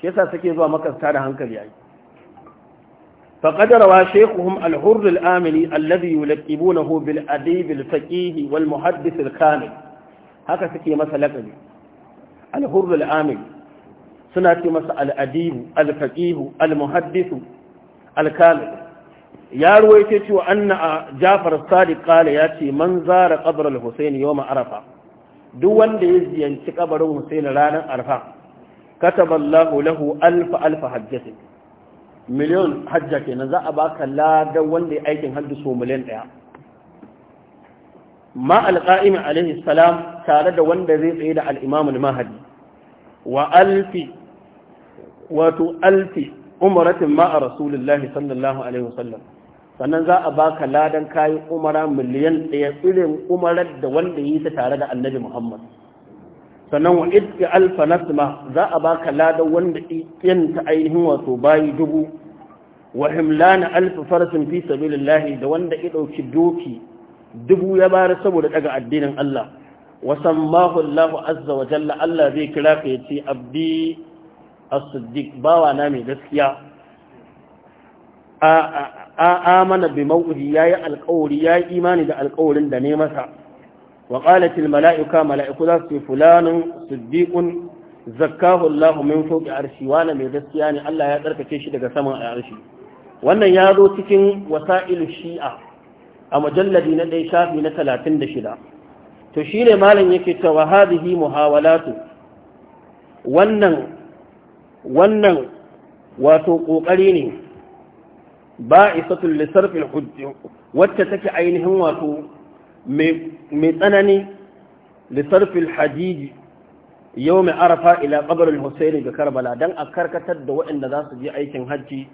shi yasa suke zuwa makasta da hankali ai فقد روى شيخهم الحر الآمني الذي يلقبونه بالأديب الفقيه والمحدث الكامل هكا سكي مثلا الحر الآمني سنة مثلا الأديب الفقيه المحدث الكامل يا رويتي أن جعفر الصادق قال ياتي من زار قبر الحسين يوم عرفة دون ليزين قبر الحسين رانا عرفة كتب الله له ألف ألف حجته miliyon hajja kenan za a baka ladan wanda ya aikin hajji so miliyan ɗaya ma alƙa'imin alaihi salam tare da wanda zai tsaye da al'imamun mahadi wa alfi wato alfi umaratin ma a rasulullahi sallallahu alaihi wasallam sannan za a baka ladan kayan umara miliyan ɗaya irin umarar da wanda yi ta tare da annabi muhammad sannan wa idda alfa nasma za a baka lada wanda yan ta ainihin wato bayi dubu wa himlana alfa farsin fi sabilillahi da wanda ya ɗauki doki dubu ya bayar saboda daga addinin Allah wa sammahu Allah azza wa jalla Allah zai kira ka yace abdi as-siddiq bawa na mai gaskiya a amana bi mawdi yayi alƙawari yayi imani da alƙawarin da ne masa wa qalatil mala'ika mala'iku za su ce fulanun siddiqun zakkahu Allah min fawqi arshi wala mai gaskiya ne Allah ya tsarkake shi daga saman arshi wannan ya zo cikin wasa'ilu shi'a a mujalladi na ɗaya shafi na talatin da shida. to shine malam yake ta hadhihi muhawalatu wannan wannan wato kokari ne ba'isatul lisarfil hujj wacce take ainihin wato mai tsanani lissarfil hajji yau mai arafa ila ƙabarin husaini ga karbala don a karkatar da waɗanda za su je aikin hajji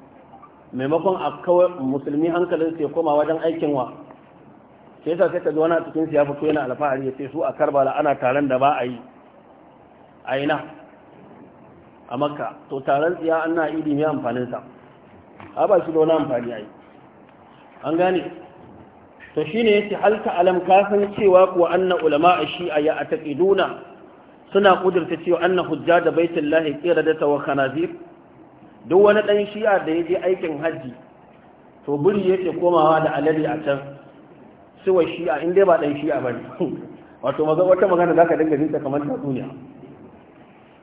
maimakon a kawai musulmi hankalin su ya koma wajen aikin wa sai sa sai ta wani a cikin ya fito yana alfahari ya ce su a karbala ana taron da ba a yi a yi na a makka to taron siya an na idi mai amfaninsa a ba shi da wani amfani a yi an gane to shine yace halka alam kafin cewa kuwa anna ulama a shi'a ya ataqiduna suna kudurta cewa anna hujja da baitullahi qiradata wa khanazir duk wani ɗan shi'a da ya je aikin hajji. to buri yake komawa da alali a can suwa shi'a in dai ba ɗan shi'a ba ne. wato maza wata magana zaka dinga jinta kamar ta duniya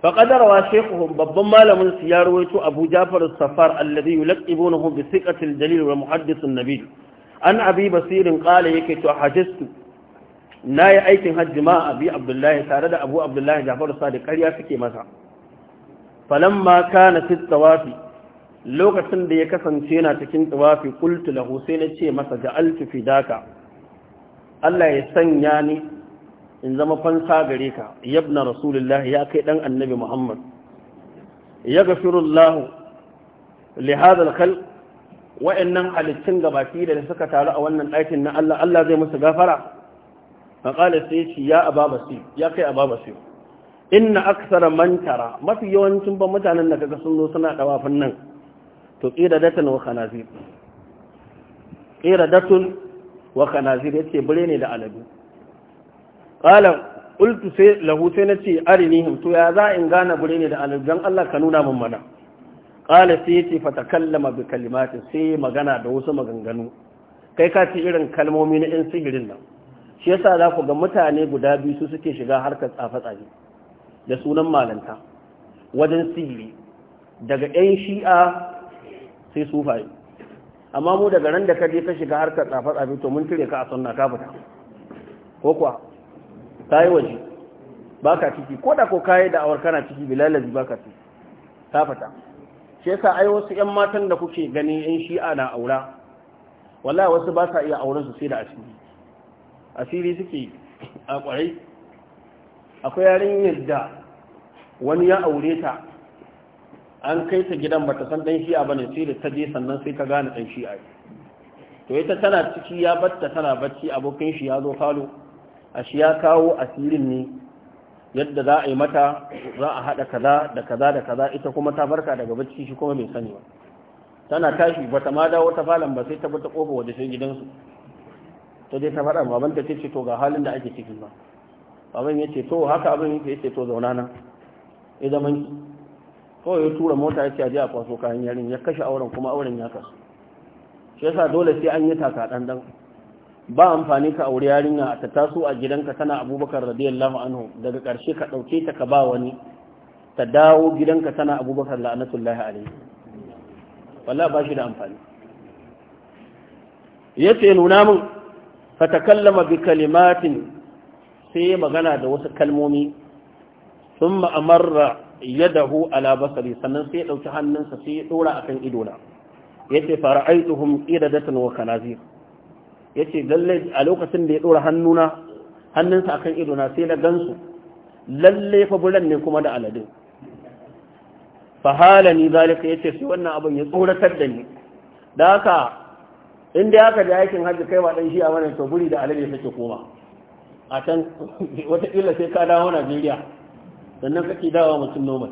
fa qadarawa shaykhuhum babban malamin su ya rawaito Abu Ja'far as-Safar alladhi yulqibunahu bi thiqati al-dalil wa muhaddith an an abi basirin kala yake to hajjistu na yi aikin hajji ma abi abdullahi tare da abu abdullahi jafaru sadi ƙarya suke masa falamma kana fi tawafi lokacin da ya kasance na cikin tawafi qultu lahu sai na ce masa ja'altu fidaka Allah ya sanya ni in zama fansa gare ka yabna rasulullahi ya kai dan annabi muhammad ya gafirullahu li khalq wa'annan halittun gabaki da suka taru a wannan ɗakin na Allah Allah zai musu gafara maƙalar sai shi ya ababasi ya kai ababasi inna man mantara mafi yawancin ba mutanen da kaga sun zo suna dawafin nan to qiradatan wa khanazir qiradatan wa khanazir yace bure ne da aladu qala qultu sai lahu sai nace arinihim to ya za in gane bure ne da aladu dan Allah ka nuna mun mana ƙala sai ya ce fatakallama bi kalimatin sai magana da wasu maganganu kai ka ci irin kalmomi na yan sigirin nan shi yasa za ku ga mutane guda biyu su suke shiga harkar tsafe da sunan malanta wajen sigiri daga yan shi'a sai sufaye amma mu daga ran da ka je ka shiga harkar tsafe to mun tire ka a sunna ka fita ko kuwa ta yi waje ba ka ciki ko da ko kayi da awar kana ciki bilalazi ba ka ciki ka fita shi yasa ai wasu ƴan matan da kuke gani ƴan shi'a na aura wallahi wasu ba sa iya auren su sai da asiri asiri suke a kwarai akwai yarinyar da wani ya aure ta an kai ta gidan bata san dan shi'a bane sai da ta je sannan sai ka gane dan shi'a to ita tana ciki ya batta tana bacci abokin shi ya zo falo a shi ya kawo asirin ne yadda za a yi mata za a haɗa kaza da kaza da kaza ita kuma ta barka daga bacci shi kuma bai sani ba tana tashi ba ta ma dawo ta falon ba sai ta bata kofa waje sai gidansu ta dai ta faɗa baban ta ce to ga halin da ake ciki ba baban ya ce to haka abin yake ce to zauna nan ya zaman kawai ya tura mota ya ce je a kwaso kayan yarin ya kashe auren kuma auren ya kasu shi yasa dole sai an yi taka dan ba amfani ka aure yarinya ta taso a gidanka tana abubakar radiyallahu anhu daga ƙarshe ka ɗauke ta ka ba wani ta dawo gidanka tana abubakar la'anatullahi alaihi walla ba shi da amfani ya ce nuna min fatakallama bi kalimatin sai ya magana da wasu kalmomi sun ma'amarra yadahu ala basari sannan sai ya ɗauki hannunsa sai ya ɗora akan idona ya ce fara'aituhum qiradatan wa kanazir yace lalle a lokacin da ya dora hannuna hannunsa akan ido na sai na gansu lalle fa bulan ne kuma da aladin fa halani zalika yace sai wannan abin ya tsoratar da ni da haka in aka da aikin hajji kai ba dan shi a wannan to buri da alade sake koma a can wata illa sai ka dawo Najeriya sannan kake dawo mutum normal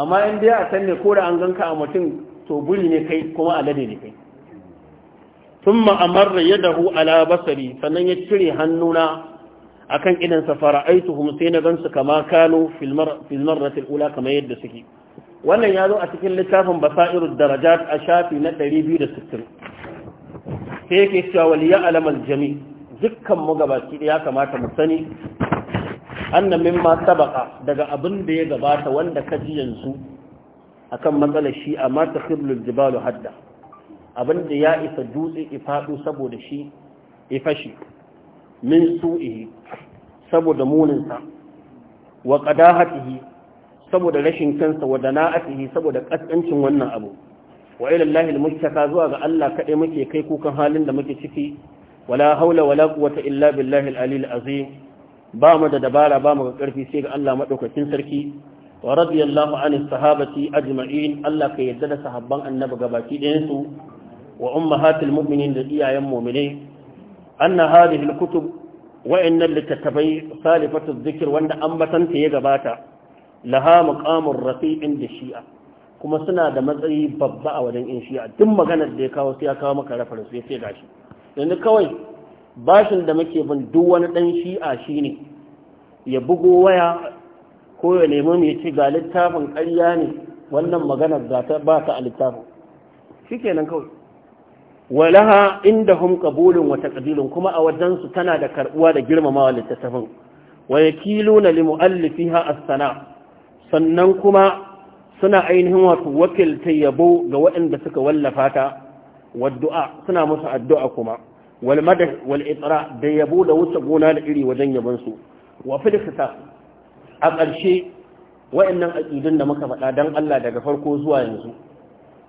amma in dai a can ne ko da an ganka a mutum to buri ne kai kuma alade ne kai thumma ya dahu ala basari sannan ya cire hannuna akan idan sa fara'aituhum sai na gansu kama kano filmar marratil ula kamar yadda suke wannan ya zo a cikin littafin basairu darajat a shafi na 260 sai yake cewa waliya ya'lam al jami dukkan mu gabaki ya kamata mu sani min ma sabaka daga abin da ya gabata wanda ka ji yanzu akan matsalar shi a takhiblu al jibalu hadda abin da ya isa dutse ifaɗo saboda shi ifashi min su'ihi saboda muninsa wa qadahatihi saboda rashin kansa wa dana'atihi saboda kaskancin wannan abu wa ila Allah al-mustaka zuwa ga Allah kade muke kai kukan halin da muke ciki wala haula wala quwwata illa billahi al-ali al-azim ba mu da dabara ba mu ga karfi sai ga Allah madaukakin sarki wa radiyallahu anil sahabati ajma'in Allah ka yadda da sahabban annabi gabaki ɗayan su wa ummahatul mu'minin da iyayen mu'minai anna hadhihi al-kutub wa'annan littattafai salifatu dhikr wanda an basanta ya gabata laha maqamur rafi'in da shi'a kuma suna da matsayi babba a wajen in shi'a duk maganar da ya kawo sai ya kawo maka rafar sai sai gashi yanzu kawai bashin da muke bin duk wani dan shi'a shine ya bugo waya ko ya nemi mai ci ga littafin ƙarya ne wannan maganar ba ta littafin shi kenan kawai walaha inda hum qabulun wata ƙabilun kuma a wajen su tana da karbuwa da girmamawa littattafin wa yakiluna li muallifiha as-sana sannan kuma suna ainihin wato wakilta yabo ga waɗanda suka wallafa ta du'a. suna musu addu'a kuma wal madah wal da yabo da wuce gona da iri wajen yabonsu. su wa fil a ƙarshe waɗannan aƙidun da muka faɗa dan Allah daga farko zuwa yanzu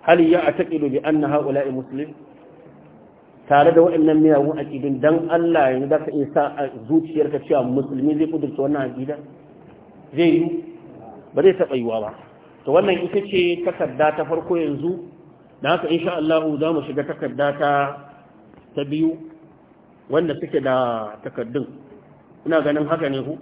hal ya ataqidu bi anna ha'ula'i muslim tare da waɗannan miyagun aƙidun don Allah yanzu da ka isa sa zuciyar ka cewa musulmi zai kudurta wannan aƙida zai yi ba zai taɓa yiwa ba to wannan ita ce takarda ta farko yanzu da haka insha Allah za mu shiga takarda ta ta biyu wanda suke da takardun ina ganin haka ne ku